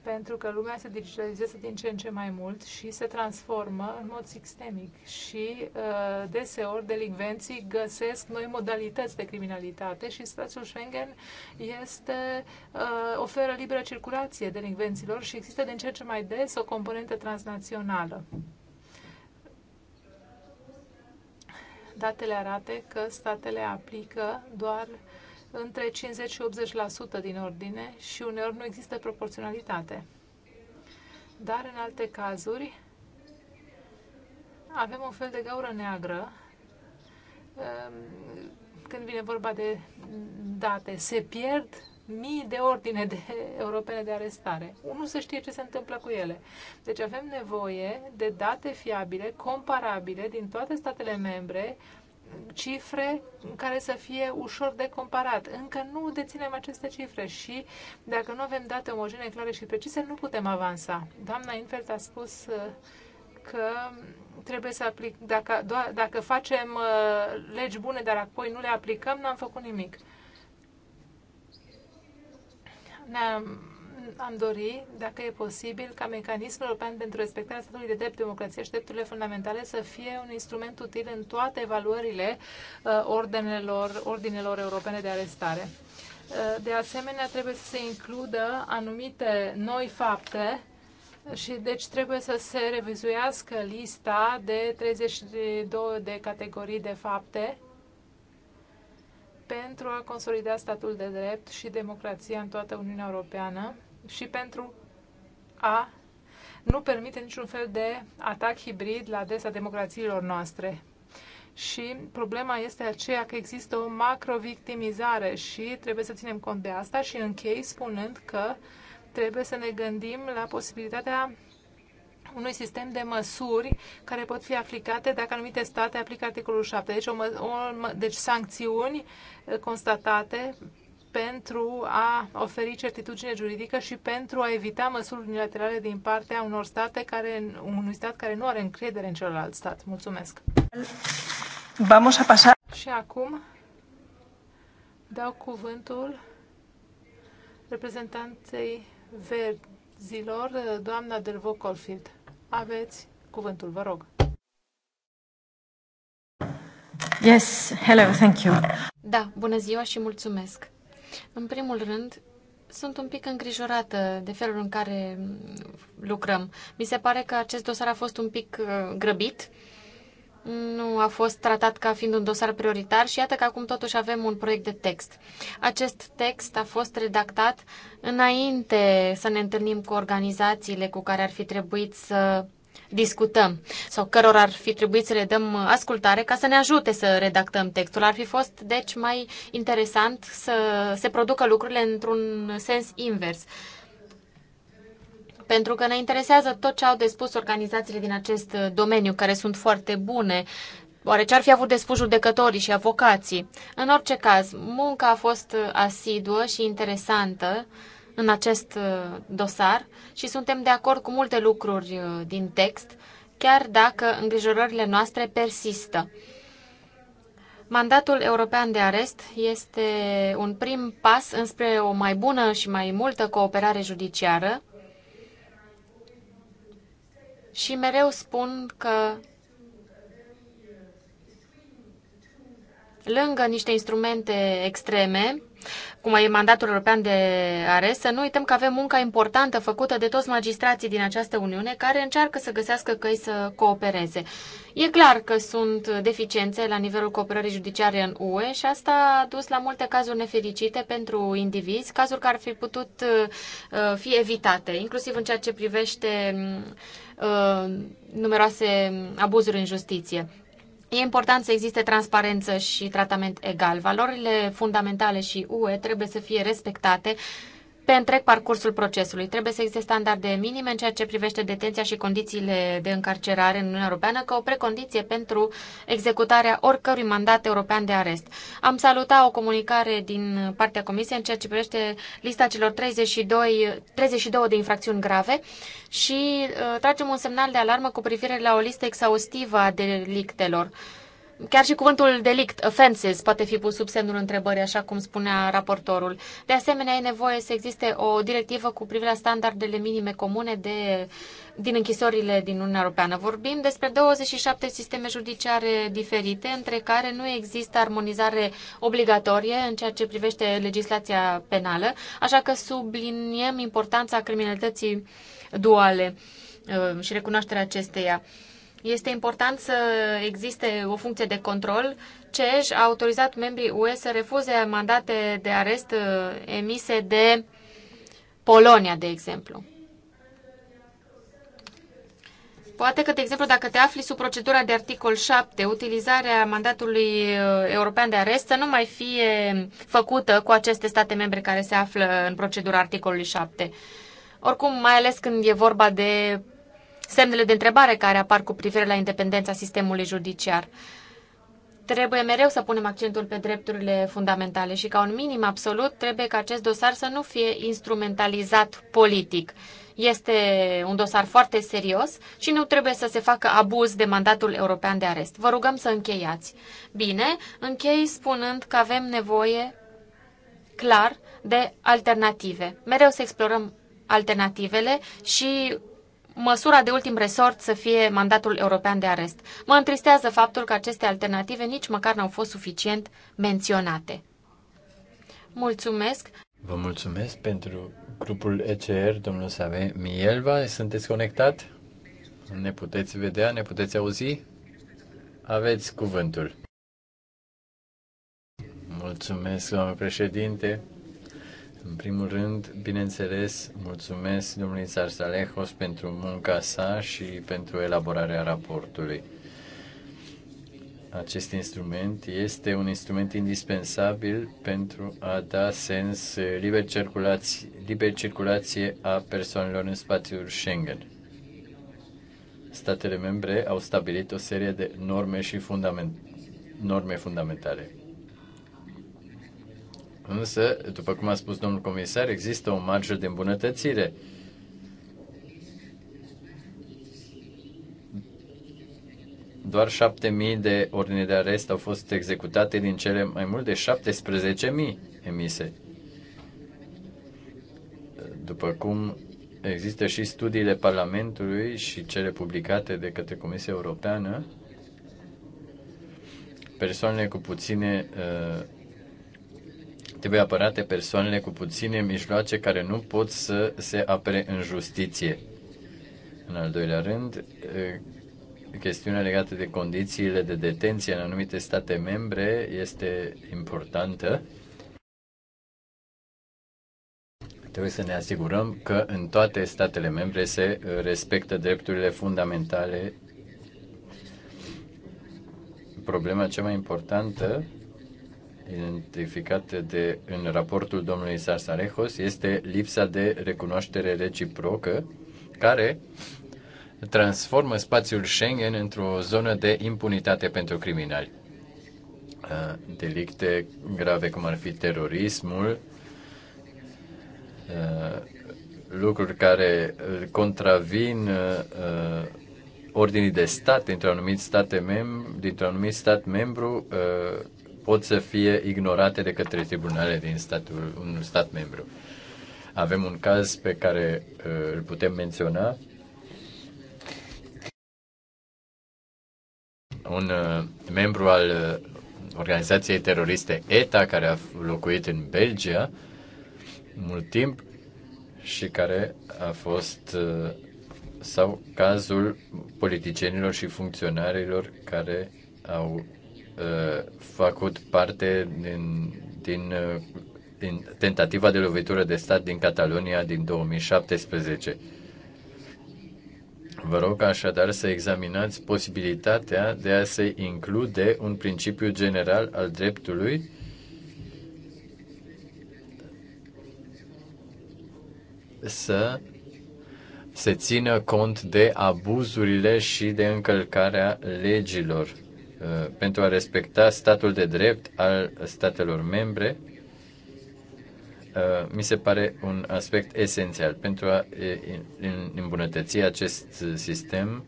pentru că lumea se digitalizează din ce în ce mai mult și se transformă în mod sistemic și uh, deseori delinvenții găsesc noi modalități de criminalitate și spațiul Schengen este, uh, oferă liberă circulație delinvenților și există din ce în ce mai des o componentă transnațională. Datele arată că statele aplică doar între 50 și 80% din ordine și uneori nu există proporționalitate. Dar în alte cazuri avem un fel de gaură neagră um, când vine vorba de date. Se pierd mii de ordine de europene de arestare. Nu să știe ce se întâmplă cu ele. Deci avem nevoie de date fiabile, comparabile din toate statele membre cifre care să fie ușor de comparat. Încă nu deținem aceste cifre și dacă nu avem date omogene, clare și precise, nu putem avansa. Doamna Infert a spus uh, că trebuie să aplic, dacă, doar, dacă facem uh, legi bune, dar apoi nu le aplicăm, n-am făcut nimic. Ne-am am dori, dacă e posibil, ca mecanismul european pentru respectarea statului de drept, democrație și drepturile fundamentale să fie un instrument util în toate evaluările uh, ordinelor europene de arestare. Uh, de asemenea, trebuie să se includă anumite noi fapte și deci trebuie să se revizuiască lista de 32 de categorii de fapte pentru a consolida statul de drept și democrația în toată Uniunea Europeană și pentru a nu permite niciun fel de atac hibrid la adresa democrațiilor noastre. Și problema este aceea că există o macrovictimizare și trebuie să ținem cont de asta și închei spunând că trebuie să ne gândim la posibilitatea unui sistem de măsuri care pot fi aplicate dacă anumite state aplică articolul 7. Deci, o, o, deci sancțiuni eh, constatate pentru a oferi certitudine juridică și pentru a evita măsuri unilaterale din partea unor state care, unui stat care nu are încredere în celălalt stat. Mulțumesc! Vamos a pasar. Și acum dau cuvântul reprezentanței verzilor, doamna Delvo Colfield. Aveți cuvântul, vă rog. Yes, hello, thank you. Da, bună ziua și mulțumesc. În primul rând, sunt un pic îngrijorată de felul în care lucrăm. Mi se pare că acest dosar a fost un pic uh, grăbit, nu a fost tratat ca fiind un dosar prioritar și iată că acum totuși avem un proiect de text. Acest text a fost redactat înainte să ne întâlnim cu organizațiile cu care ar fi trebuit să discutăm sau căror ar fi trebuit să le dăm ascultare ca să ne ajute să redactăm textul. Ar fi fost, deci, mai interesant să se producă lucrurile într-un sens invers pentru că ne interesează tot ce au de spus organizațiile din acest domeniu, care sunt foarte bune. Oare ce ar fi avut de spus judecătorii și avocații? În orice caz, munca a fost asiduă și interesantă în acest uh, dosar și suntem de acord cu multe lucruri uh, din text, chiar dacă îngrijorările noastre persistă. Mandatul european de arest este un prim pas înspre o mai bună și mai multă cooperare judiciară și mereu spun că lângă niște instrumente extreme, cum e mandatul european de arest, să nu uităm că avem munca importantă făcută de toți magistrații din această Uniune care încearcă să găsească căi să coopereze. E clar că sunt deficiențe la nivelul cooperării judiciare în UE și asta a dus la multe cazuri nefericite pentru indivizi, cazuri care ar fi putut uh, fi evitate, inclusiv în ceea ce privește uh, numeroase abuzuri în justiție. E important să existe transparență și tratament egal. Valorile fundamentale și UE trebuie să fie respectate pe întreg parcursul procesului. Trebuie să existe standarde minime în ceea ce privește detenția și condițiile de încarcerare în Uniunea Europeană ca o precondiție pentru executarea oricărui mandat european de arest. Am salutat o comunicare din partea Comisiei în ceea ce privește lista celor 32, 32 de infracțiuni grave și uh, tragem un semnal de alarmă cu privire la o listă exhaustivă a delictelor. Chiar și cuvântul delict, offenses, poate fi pus sub semnul întrebării, așa cum spunea raportorul. De asemenea, e nevoie să existe o directivă cu privire la standardele minime comune de, din închisorile din Uniunea Europeană. Vorbim despre 27 sisteme judiciare diferite, între care nu există armonizare obligatorie în ceea ce privește legislația penală, așa că subliniem importanța criminalității duale uh, și recunoașterea acesteia. Este important să existe o funcție de control. CEJ a autorizat membrii UE să refuze mandate de arest uh, emise de Polonia, de exemplu. Poate că, de exemplu, dacă te afli sub procedura de articol 7, utilizarea mandatului uh, european de arest să nu mai fie făcută cu aceste state membre care se află în procedura articolului 7. Oricum, mai ales când e vorba de semnele de întrebare care apar cu privire la independența sistemului judiciar. Trebuie mereu să punem accentul pe drepturile fundamentale și ca un minim absolut trebuie ca acest dosar să nu fie instrumentalizat politic. Este un dosar foarte serios și nu trebuie să se facă abuz de mandatul european de arest. Vă rugăm să încheiați. Bine, închei spunând că avem nevoie clar de alternative. Mereu să explorăm alternativele și măsura de ultim resort să fie mandatul european de arest. Mă întristează faptul că aceste alternative nici măcar n-au fost suficient menționate. Mulțumesc! Vă mulțumesc pentru grupul ECR, domnul Save Mielva. Sunteți conectat? Ne puteți vedea, ne puteți auzi? Aveți cuvântul. Mulțumesc, doamnă președinte. În primul rând, bineînțeles, mulțumesc domnului Sarsalehos pentru munca sa și pentru elaborarea raportului. Acest instrument este un instrument indispensabil pentru a da sens liber circulație, liber circulație a persoanelor în spațiul Schengen. Statele membre au stabilit o serie de norme și fundament, norme fundamentale Însă, după cum a spus domnul comisar, există o marjă de îmbunătățire. Doar 7.000 de ordine de arest au fost executate din cele mai mult de 17.000 emise. După cum există și studiile Parlamentului și cele publicate de către Comisia Europeană, persoanele cu puține uh, Trebuie apărate persoanele cu puține mijloace care nu pot să se apere în justiție. În al doilea rând, chestiunea legată de condițiile de detenție în anumite state membre este importantă. Trebuie să ne asigurăm că în toate statele membre se respectă drepturile fundamentale. Problema cea mai importantă identificate de, în raportul domnului Sarsarejos este lipsa de recunoaștere reciprocă, care transformă spațiul Schengen într-o zonă de impunitate pentru criminali. Delicte grave cum ar fi terorismul, lucruri care contravin ordinii de stat dintr-un anumit, state mem- dintr-un anumit stat membru pot să fie ignorate de către tribunale din statul, un stat membru. Avem un caz pe care uh, îl putem menționa. Un uh, membru al uh, organizației teroriste ETA, care a locuit în Belgia mult timp și care a fost uh, sau cazul politicienilor și funcționarilor care au Uh, făcut parte din, din, uh, din tentativa de lovitură de stat din Catalonia din 2017. Vă rog așadar să examinați posibilitatea de a se include un principiu general al dreptului să se țină cont de abuzurile și de încălcarea legilor Uh, pentru a respecta statul de drept al statelor membre, uh, mi se pare un aspect esențial pentru a îmbunătăți acest sistem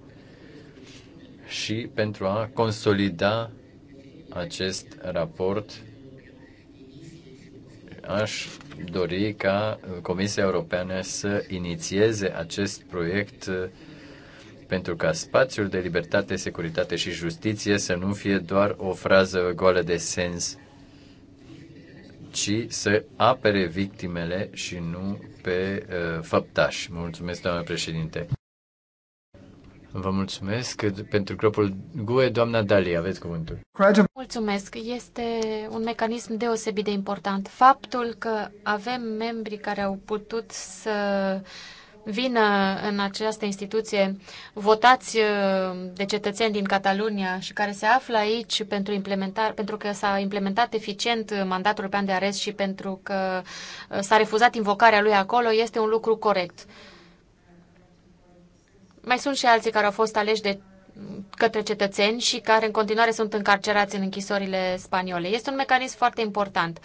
și pentru a consolida acest raport. Aș dori ca Comisia Europeană să inițieze acest proiect uh, pentru ca spațiul de libertate, securitate și justiție să nu fie doar o frază goală de sens, ci să apere victimele și nu pe uh, făptași. Mulțumesc, doamnă președinte. Vă mulțumesc pentru grupul GUE, doamna Dali, aveți cuvântul. Mulțumesc. Este un mecanism deosebit de important. Faptul că avem membri care au putut să uh, vină în această instituție votați uh, de cetățeni din Catalunia și care se află aici pentru, implementar, pentru că s-a implementat eficient mandatul european de arest și pentru că uh, s-a refuzat invocarea lui acolo, este un lucru corect. Mai sunt și alții care au fost aleși de către cetățeni și care în continuare sunt încarcerați în închisorile spaniole. Este un mecanism foarte important.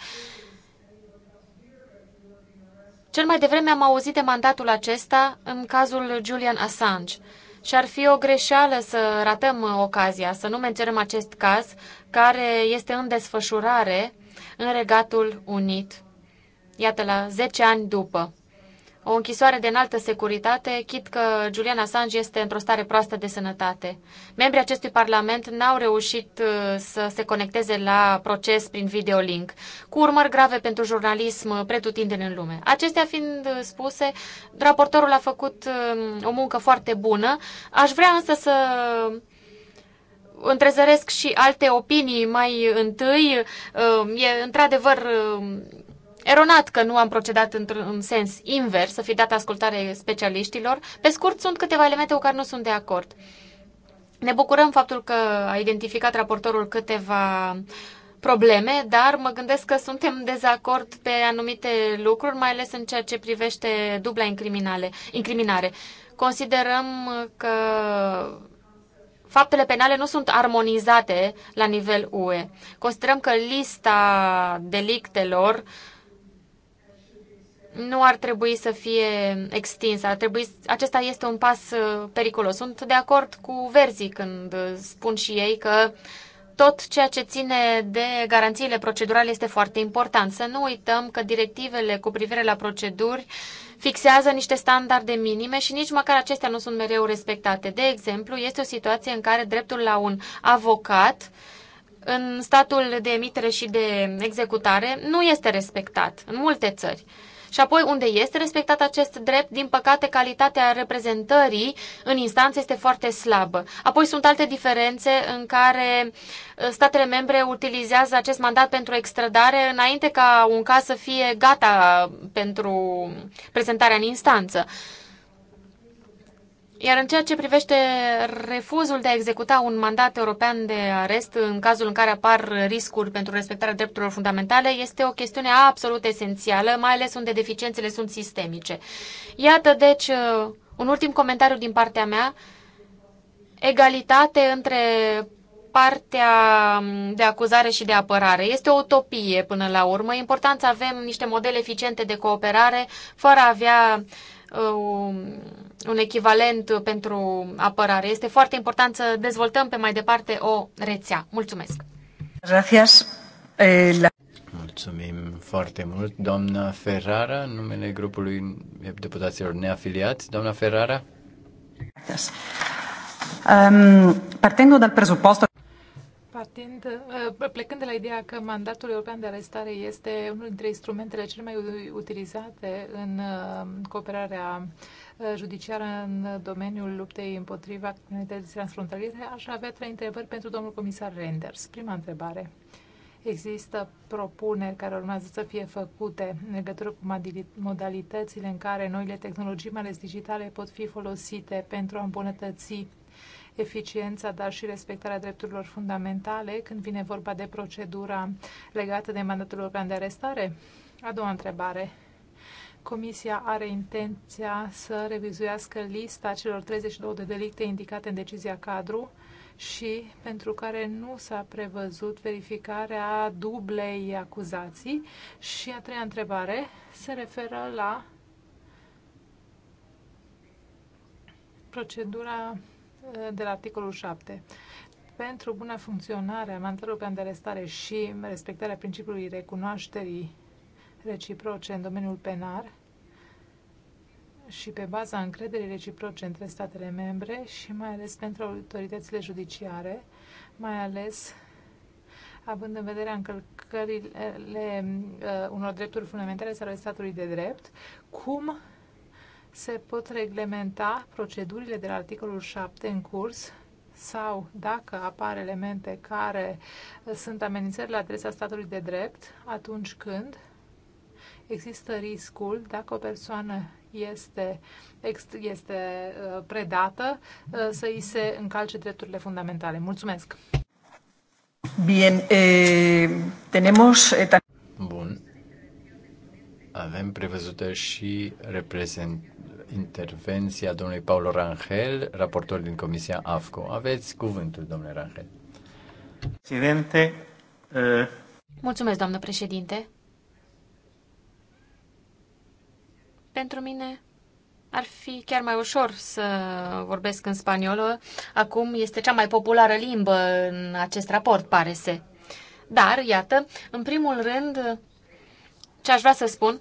Cel mai devreme am auzit de mandatul acesta în cazul Julian Assange și ar fi o greșeală să ratăm uh, ocazia, să nu menționăm acest caz care este în desfășurare în Regatul Unit. Iată, la 10 ani după o închisoare de înaltă securitate, chit că Julian Assange este într-o stare proastă de sănătate. Membrii acestui parlament n-au reușit uh, să se conecteze la proces prin videolink, cu urmări grave pentru jurnalism uh, pretutindeni în lume. Acestea fiind uh, spuse, raportorul a făcut um, o muncă foarte bună. Aș vrea însă să întrezăresc și alte opinii mai întâi. Um, e într-adevăr um, Eronat că nu am procedat într-un sens invers, să fi dat ascultare specialiștilor. Pe scurt, sunt câteva elemente cu care nu sunt de acord. Ne bucurăm faptul că a identificat raportorul câteva probleme, dar mă gândesc că suntem dezacord pe anumite lucruri, mai ales în ceea ce privește dubla incriminare. Considerăm că faptele penale nu sunt armonizate la nivel UE. Considerăm că lista delictelor uh, nu ar trebui să fie extins. Ar trebui, acesta este un pas uh, periculos. Sunt de acord cu verzii când spun și ei că tot ceea ce ține de garanțiile procedurale este foarte important. Să nu uităm că directivele cu privire la proceduri fixează niște standarde minime și nici măcar acestea nu sunt mereu respectate. De exemplu, este o situație în care dreptul la un avocat în statul de emitere și de executare nu este respectat în multe țări și apoi unde este respectat acest drept, din păcate calitatea reprezentării în instanță este foarte slabă. Apoi sunt alte diferențe în care uh, statele membre utilizează acest mandat pentru extradare înainte ca un caz să fie gata pentru prezentarea în instanță. Iar în ceea ce privește refuzul de a executa un mandat european de arest în cazul în care apar riscuri pentru respectarea drepturilor fundamentale, este o chestiune absolut esențială, mai ales unde deficiențele sunt sistemice. Iată, deci, uh, un ultim comentariu din partea mea. Egalitate între partea um, de acuzare și de apărare. Este o utopie până la urmă. E important să avem niște modele eficiente de cooperare fără a avea uh, un echivalent pentru apărare. Este foarte important să dezvoltăm pe mai departe o rețea. Mulțumesc! Gracias. Eh, Mulțumim foarte mult, doamna Ferrara, în numele grupului deputaților neafiliați. Doamna Ferrara? Yes. Um, Partind, eh, plecând de la ideea că mandatul european de arestare este unul dintre instrumentele cele mai utilizate în eh, cooperarea Eh, judiciară în domeniul luptei împotriva criminalității transfrontaliere, aș avea trei întrebări pentru domnul comisar Renders. Prima întrebare. Există propuneri care urmează să fie făcute în legătură cu modalitățile în care noile tehnologii, mai ales digitale, pot fi folosite pentru a îmbunătăți eficiența, dar și respectarea drepturilor fundamentale când vine vorba de procedura legată de mandatul european de arestare? A doua întrebare. Comisia are intenția să revizuiască lista celor 32 de delicte indicate în decizia cadru și pentru care nu s-a prevăzut verificarea dublei acuzații. Și a treia întrebare se referă la procedura uh, de la articolul 7. Pentru buna funcționare a mandatului european de arestare și respectarea principiului recunoașterii reciproce în domeniul penal și pe baza încrederii reciproce între statele membre și mai ales pentru autoritățile judiciare, mai ales având în vedere încălcările uh, unor drepturi fundamentale sau ale statului de drept, cum se pot reglementa procedurile de la articolul 7 în curs sau dacă apar elemente care sunt amenințări la adresa statului de drept, atunci când există riscul, dacă o persoană este, este uh, predată, uh, să îi se încalce drepturile fundamentale. Mulțumesc! Bien, eh, tenemos... Eh, Bun. Avem prevăzută și reprezent intervenția domnului Paulo Rangel, raportor din Comisia AFCO. Aveți cuvântul, domnule Rangel. Presidente, uh... Mulțumesc, doamnă președinte. Pentru mine ar fi chiar mai ușor să vorbesc în spaniolă. Acum este cea mai populară limbă în acest raport, pare se. Dar, iată, în primul rând, ce aș vrea să spun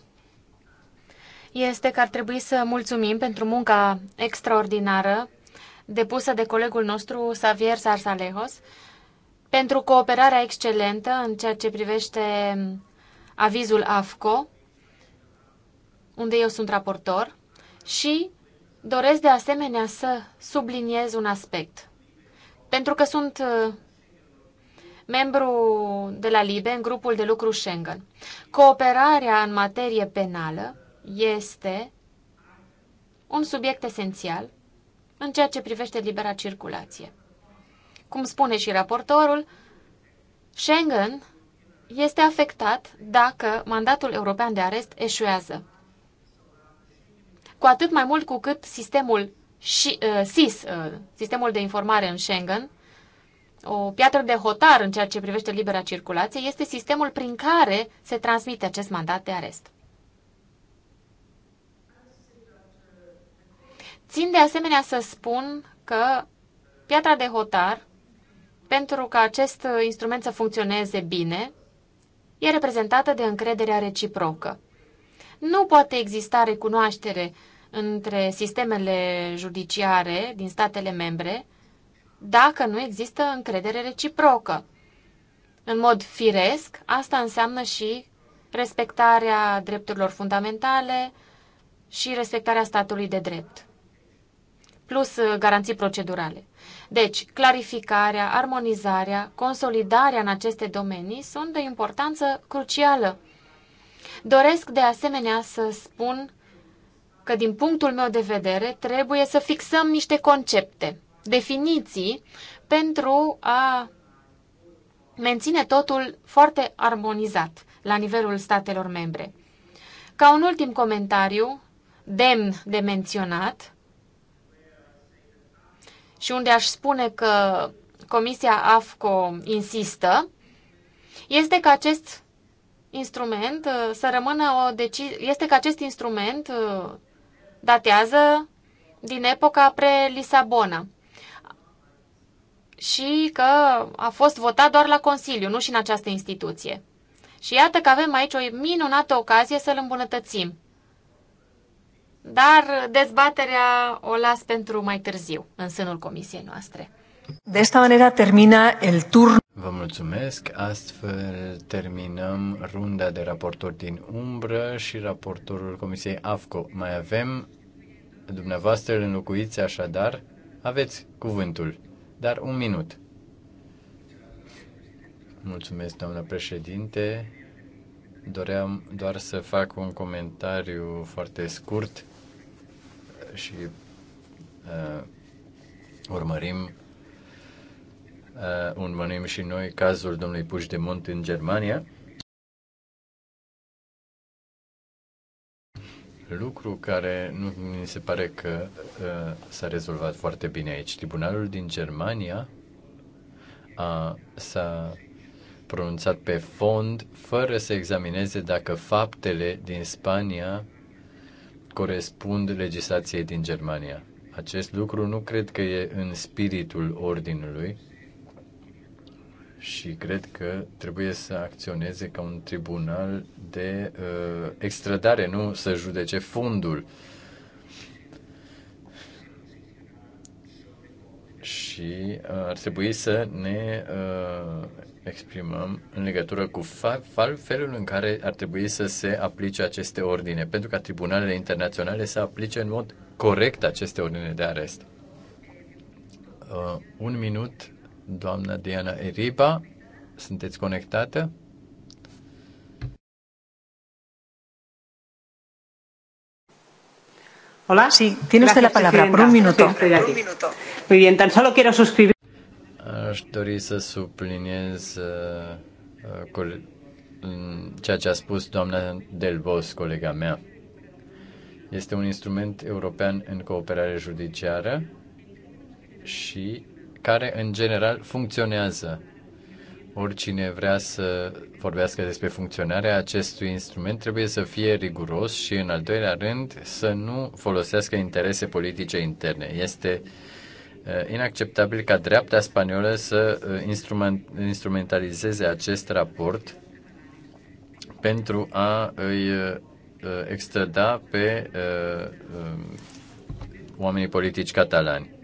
este că ar trebui să mulțumim pentru munca extraordinară depusă de colegul nostru Xavier Sarsalejos, pentru cooperarea excelentă în ceea ce privește avizul AFCO, unde eu sunt raportor, și doresc de asemenea să subliniez un aspect. Pentru că sunt uh, membru de la LIBE în grupul de lucru Schengen. Cooperarea în materie penală este un subiect esențial în ceea ce privește libera circulație. Cum spune și raportorul, Schengen este afectat dacă mandatul european de arest eșuează cu atât mai mult cu cât sistemul și, uh, SIS, uh, sistemul de informare în Schengen, o piatră de hotar în ceea ce privește libera circulație, este sistemul prin care se transmite acest mandat de arest. Țin de asemenea să spun că piatra de hotar, pentru ca acest instrument să funcționeze bine, e reprezentată de încrederea reciprocă. Nu poate exista recunoaștere între sistemele judiciare din statele membre dacă nu există încredere reciprocă. În mod firesc, asta înseamnă și respectarea drepturilor fundamentale și respectarea statului de drept, plus uh, garanții procedurale. Deci, clarificarea, armonizarea, consolidarea în aceste domenii sunt de importanță crucială Doresc de asemenea să spun că din punctul meu de vedere trebuie să fixăm niște concepte, definiții pentru a menține totul foarte armonizat la nivelul statelor membre. Ca un ultim comentariu, demn de menționat, și unde aș spune că Comisia AFCO insistă, este că acest instrument uh, să rămână o decizie, este că acest instrument uh, datează din epoca pre-Lisabona și că a fost votat doar la Consiliu, nu și în această instituție. Și iată că avem aici o minunată ocazie să-l îmbunătățim. Dar dezbaterea o las pentru mai târziu, în sânul comisiei noastre. De esta manera termina el turno. Vă mulțumesc. Astfel terminăm runda de raportori din umbră și raportorul Comisiei AFCO. Mai avem, dumneavoastră îl înlocuiți așadar, aveți cuvântul, dar un minut. Mulțumesc, doamnă președinte. Doream doar să fac un comentariu foarte scurt și uh, urmărim uh, urmărim și noi cazul domnului Munt în Germania. Lucru care nu mi se pare că uh, s-a rezolvat foarte bine aici. Tribunalul din Germania a, s-a pronunțat pe fond fără să examineze dacă faptele din Spania corespund legislației din Germania. Acest lucru nu cred că e în spiritul ordinului și cred că trebuie să acționeze ca un tribunal de uh, extradare, nu să judece fundul Și uh, ar trebui să ne uh, exprimăm în legătură cu fa- felul în care ar trebui să se aplice aceste ordine, pentru ca tribunalele internaționale să aplice în mod corect aceste ordine de arest. Uh, un minut Doamna Diana Eriba, sunteți conectată? Hola, sí, tiene usted la palabra por un minuto. Muy bien, tan solo quiero suscribir. Aș dori să subliniez uh, uh mm, ceea ce a spus doamna Del Bos, colega mea. Este un instrument european în cooperare judiciară și care în general funcționează. Oricine vrea să vorbească despre funcționarea acestui instrument trebuie să fie riguros și, în al doilea rând, să nu folosească interese politice interne. Este uh, inacceptabil ca dreapta spaniolă să uh, instrumentalizeze acest raport pentru a îi uh, extrada pe um, oamenii politici catalani.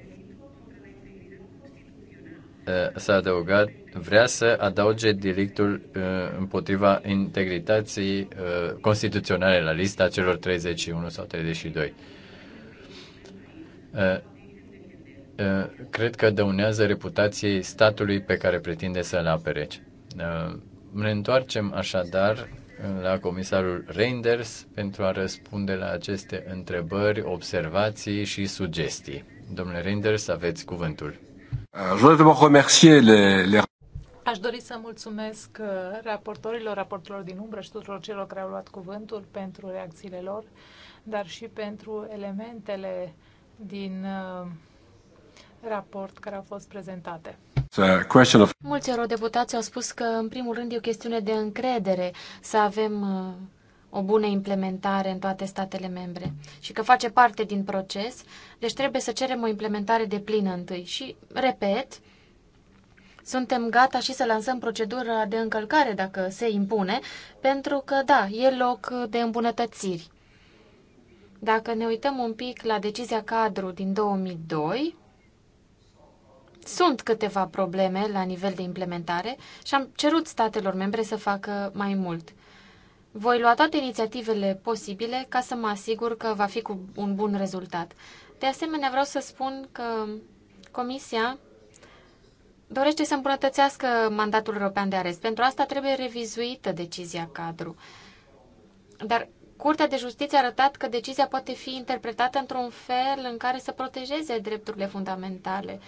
Uh, s-a adăugat, vrea să adauge delictul uh, împotriva integrității uh, constituționale la lista celor 31 sau 32. Cred că dăunează reputației statului pe care pretinde să-l apere. Ne întoarcem așadar la comisarul Reinders pentru a răspunde la aceste întrebări, observații și sugestii. Domnule Reinders, aveți cuvântul. Euh, Aș dori să mulțumesc uh, raportorilor, raportorilor din umbră și tuturor celor care au luat cuvântul pentru reacțiile lor, dar și pentru elementele din uh, raport care au fost prezentate. Of... Mulți eurodeputați au spus că, în primul rând, e o chestiune de încredere să avem uh, o bună implementare în toate statele membre și că face parte din proces, deci trebuie să cerem o implementare de plină întâi. Și, repet, suntem gata și să lansăm procedura de încălcare dacă se impune, pentru că, da, e loc de îmbunătățiri. Dacă ne uităm un pic la decizia cadru din 2002, sunt câteva probleme la nivel de implementare și am cerut statelor membre să facă mai mult. Voi lua toate inițiativele posibile ca să mă asigur că va fi cu un bun rezultat. De asemenea, vreau să spun că Comisia dorește să îmbunătățească mandatul european de arest. Pentru asta trebuie revizuită decizia cadru. Dar Curtea de Justiție a arătat că decizia poate fi interpretată într-un fel în care să protejeze drepturile fundamentale.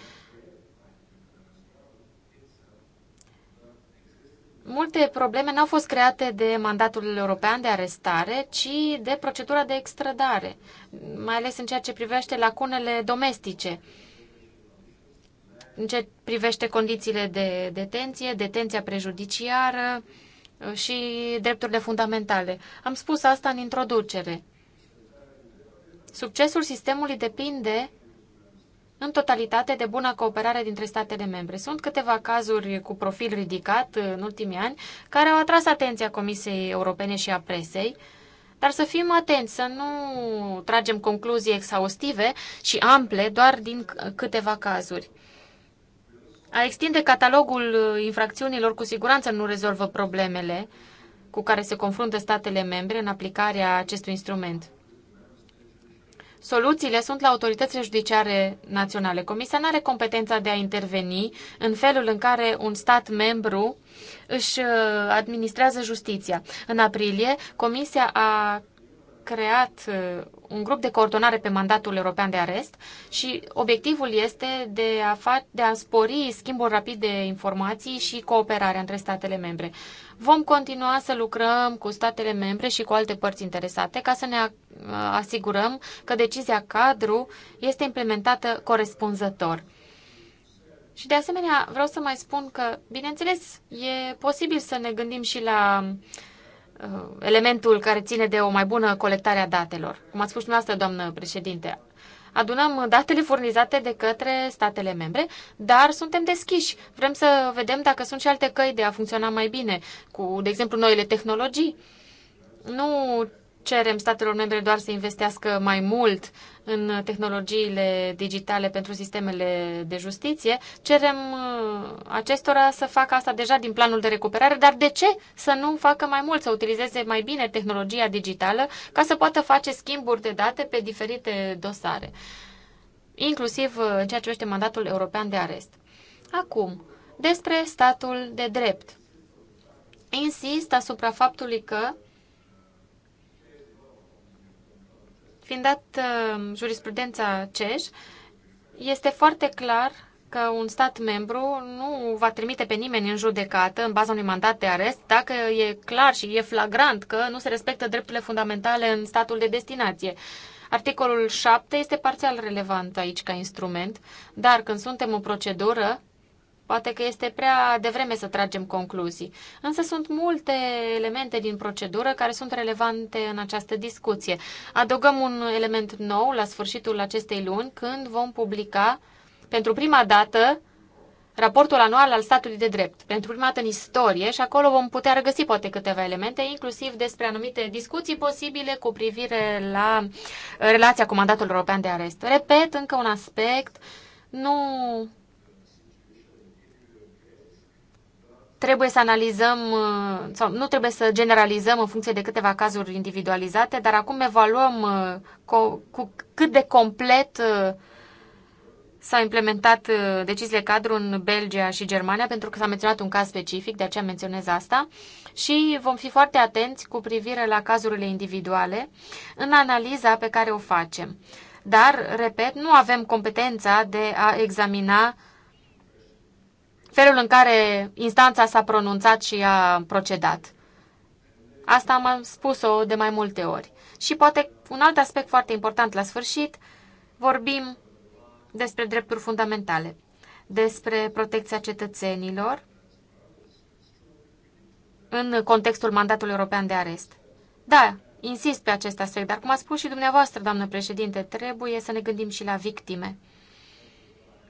multe probleme n-au fost create de mandatul european de arestare, ci de procedura de extradare, mai ales în ceea ce privește lacunele domestice, în ceea ce privește condițiile de detenție, detenția prejudiciară uh, și drepturile fundamentale. Am spus asta în introducere. Succesul sistemului depinde în totalitate de bună cooperare dintre statele membre. Sunt câteva cazuri cu profil ridicat în ultimii ani care au atras atenția Comisiei Europene și a presei, dar să fim atenți, să nu tragem concluzii exhaustive și ample doar din câteva cazuri. A extinde catalogul infracțiunilor cu siguranță nu rezolvă problemele cu care se confruntă statele membre în aplicarea acestui instrument. Soluțiile sunt la autoritățile judiciare naționale. Comisia nu are competența de a interveni în felul în care un stat membru își uh, administrează justiția. În aprilie, Comisia a creat uh, un grup de coordonare pe mandatul european de arest și obiectivul este de a, fa- de a spori schimbul rapid de informații și cooperarea între statele membre. Vom continua să lucrăm cu statele membre și cu alte părți interesate ca să ne uh, asigurăm că decizia cadru este implementată corespunzător. Și de asemenea, vreau să mai spun că, bineînțeles, e posibil să ne gândim și la uh, elementul care ține de o mai bună colectare a datelor. Cum ați spus dumneavoastră, doamnă președinte, adunăm datele furnizate de către statele membre, dar suntem deschiși. Vrem să vedem dacă sunt și alte căi de a funcționa mai bine, cu, de exemplu, noile tehnologii. Nu cerem statelor membre doar să investească mai mult în tehnologiile digitale pentru sistemele de justiție, cerem uh, acestora să facă asta deja din planul de recuperare, dar de ce să nu facă mai mult, să utilizeze mai bine tehnologia digitală ca să poată face schimburi de date pe diferite dosare, inclusiv uh, în ceea ce este mandatul european de arest. Acum, despre statul de drept. Insist asupra faptului că Fiind dat uh, jurisprudența CEJ, este foarte clar că un stat membru nu va trimite pe nimeni în judecată în baza unui mandat de arest dacă e clar și e flagrant că nu se respectă drepturile fundamentale în statul de destinație. Articolul 7 este parțial relevant aici ca instrument, dar când suntem o procedură, Poate că este prea devreme să tragem concluzii, însă sunt multe elemente din procedură care sunt relevante în această discuție. Adăugăm un element nou la sfârșitul acestei luni, când vom publica pentru prima dată raportul anual al statului de drept, pentru prima dată în istorie și acolo vom putea regăsi poate câteva elemente, inclusiv despre anumite discuții posibile cu privire la relația cu mandatul european de arest. Repet încă un aspect, nu trebuie să analizăm uh, sau nu trebuie să generalizăm în funcție de câteva cazuri individualizate, dar acum evaluăm uh, cu cât de complet uh, s-au implementat deciziile cadru în Belgia și Germania, pentru că s-a menționat un caz specific, de aceea menționez asta, și vom fi foarte atenți cu privire la cazurile individuale în analiza pe care o facem. Dar, repet, nu avem competența de a examina felul în care instanța s-a pronunțat și a procedat. Asta am spus-o de mai multe ori. Și poate un alt aspect foarte important la sfârșit, vorbim despre drepturi fundamentale, despre protecția cetățenilor în contextul mandatului european de arest. Da, insist pe acest aspect, dar cum a spus și dumneavoastră, doamnă președinte, trebuie să ne gândim și la victime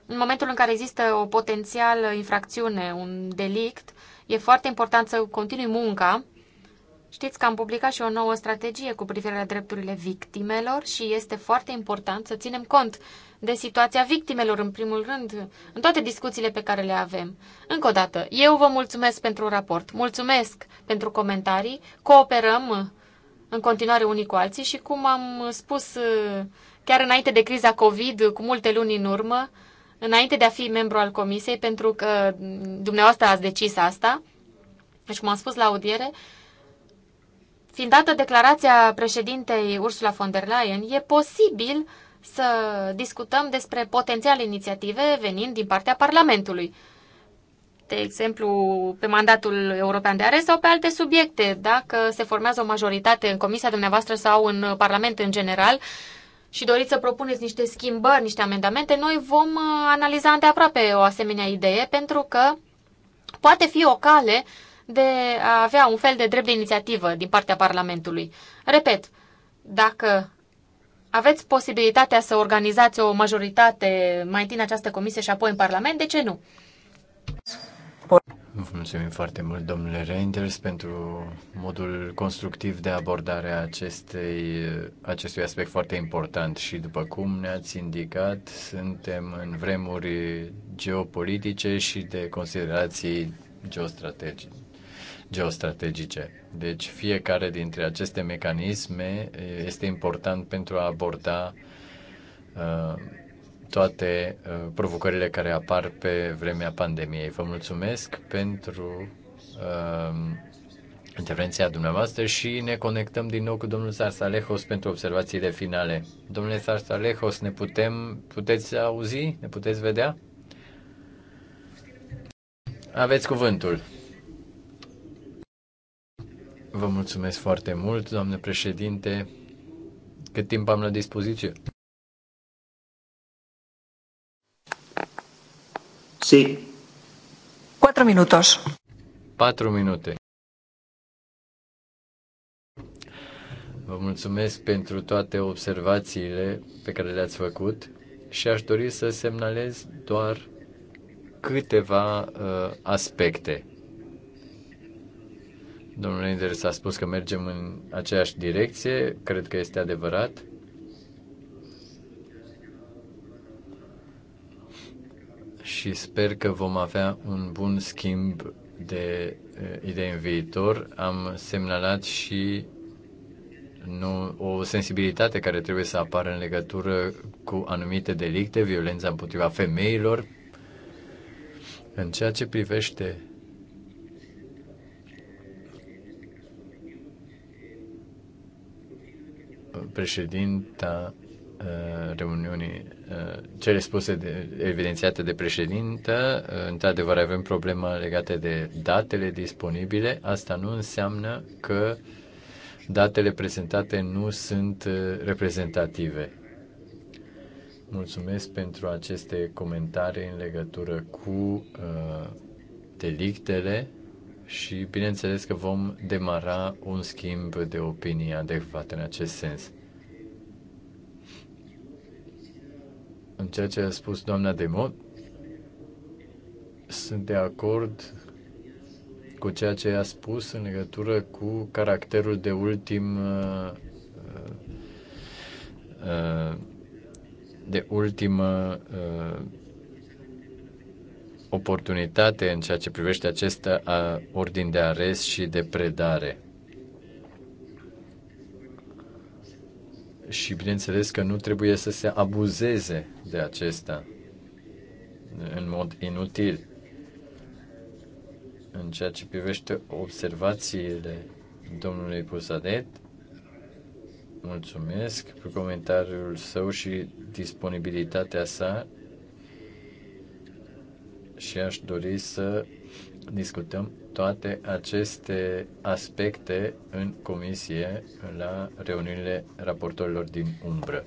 în momentul în care există o potențială infracțiune, un delict, e foarte important să continui munca. Știți că am publicat și o nouă strategie cu privire la drepturile victimelor și este foarte important să ținem cont de situația victimelor, în primul rând, în toate discuțiile pe care le avem. Încă o dată, eu vă mulțumesc pentru raport, mulțumesc pentru comentarii, cooperăm în continuare unii cu alții și, cum am spus chiar înainte de criza COVID, cu multe luni în urmă, înainte de a fi membru al comisiei, pentru că mm, dumneavoastră ați decis asta, deci cum am spus la audiere, fiind dată declarația președintei Ursula von der Leyen, e posibil să discutăm despre potențiale inițiative venind din partea Parlamentului. De exemplu, pe mandatul european de arest sau pe alte subiecte, dacă se formează o majoritate în comisia dumneavoastră sau în Parlament în general, uh, și doriți să propuneți niște schimbări, niște amendamente, noi vom uh, analiza îndeaproape o asemenea idee pentru că poate fi o cale de a avea un fel de drept de inițiativă din partea Parlamentului. Repet, dacă aveți posibilitatea să organizați o majoritate mai întâi în această comisie și apoi în Parlament, de ce nu? Vă mulțumim foarte mult, domnule Reinders, pentru modul constructiv de abordare a acestei, acestui aspect foarte important. Și după cum ne-ați indicat, suntem în vremuri geopolitice și de considerații geostrategice geostrategice. Deci fiecare dintre aceste mecanisme eh, este important pentru a aborda uh, toate uh, provocările care apar pe vremea pandemiei. Vă mulțumesc pentru uh, intervenția dumneavoastră și ne conectăm din nou cu domnul Sarsalehos pentru observațiile finale. Domnule Sarsalehos, ne putem, puteți auzi? Ne puteți vedea? Aveți cuvântul. Vă mulțumesc foarte mult, doamne președinte. Cât timp am la dispoziție? Sí. Cuatro minutos. Patru minute. Vă mulțumesc pentru toate observațiile pe care le-ați făcut și aș dori să semnalez doar câteva uh, aspecte. Domnul Enders a spus că mergem în aceeași direcție, cred că este adevărat. și sper că vom avea un bun schimb de eh, idei în viitor. Am semnalat și nu, o sensibilitate care trebuie să apară în legătură cu anumite delicte, violența împotriva femeilor. În ceea ce privește președinta Uh, reuniunii, uh, cele spuse de, evidențiate de președintă, uh, într-adevăr avem problema legată de datele disponibile. Asta nu înseamnă că datele prezentate nu sunt reprezentative. Mulțumesc pentru aceste comentarii în legătură cu uh, delictele și bineînțeles că vom demara un schimb de opinie adecvat în acest sens. În ceea ce a spus doamna Demot, sunt de acord cu ceea ce a spus în legătură cu caracterul de ultim uh, uh, de ultimă uh, oportunitate în ceea ce privește acest ordin de arest și de predare. și bineînțeles că nu trebuie să se abuzeze de acesta în mod inutil. În ceea ce privește observațiile domnului Pusadet, mulțumesc pentru comentariul său și disponibilitatea sa și aș dori să discutăm toate aceste aspecte în comisie la reuniunile raportorilor din umbră.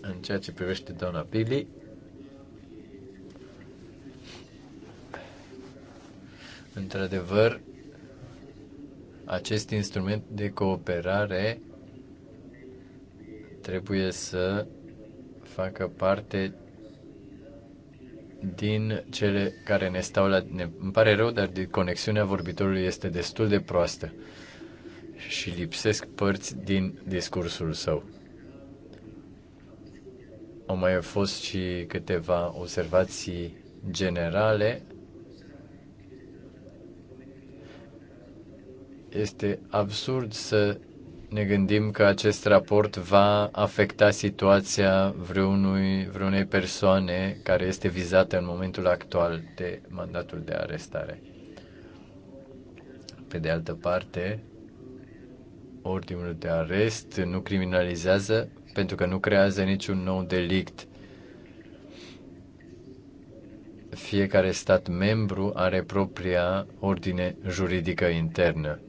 În ceea ce privește doamna Pili, într-adevăr, acest instrument de cooperare trebuie să facă parte din cele care ne stau la... Ne, îmi pare rău, dar conexiunea vorbitorului este destul de proastă și lipsesc părți din discursul său. Au mai fost și câteva observații generale. Este absurd să ne gândim că acest raport va afecta situația vreunui, vreunei persoane care este vizată în momentul actual de mandatul de arestare. Pe de altă parte, ordinul de arest nu criminalizează pentru că nu creează niciun nou delict. Fiecare stat membru are propria ordine juridică internă.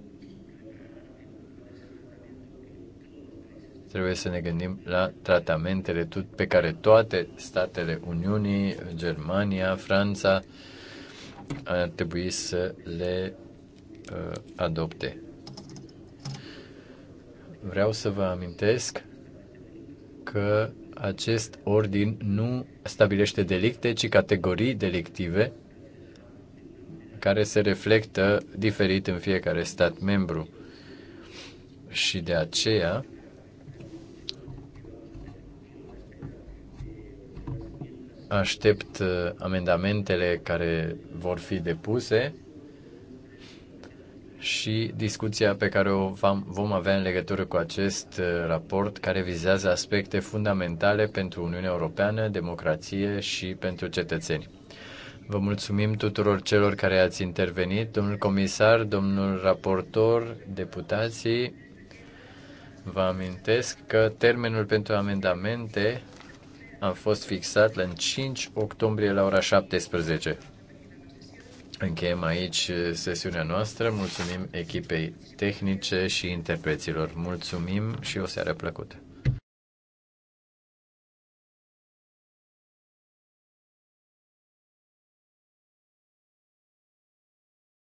Trebuie să ne gândim la tratamentele pe care toate statele Uniunii, Germania, Franța, ar trebui să le uh, adopte. Vreau să vă amintesc că acest ordin nu stabilește delicte, ci categorii delictive care se reflectă diferit în fiecare stat membru. Și de aceea Aștept uh, amendamentele care vor fi depuse și discuția pe care o vom avea în legătură cu acest uh, raport care vizează aspecte fundamentale pentru Uniunea Europeană, democrație și pentru cetățeni. Vă mulțumim tuturor celor care ați intervenit, domnul comisar, domnul raportor, deputații. Vă amintesc că termenul pentru amendamente a fost fixat la 5 octombrie la ora 17. Încheiem aici eh, sesiunea noastră. Mulțumim echipei tehnice și interpreților. Mulțumim și o seară plăcută!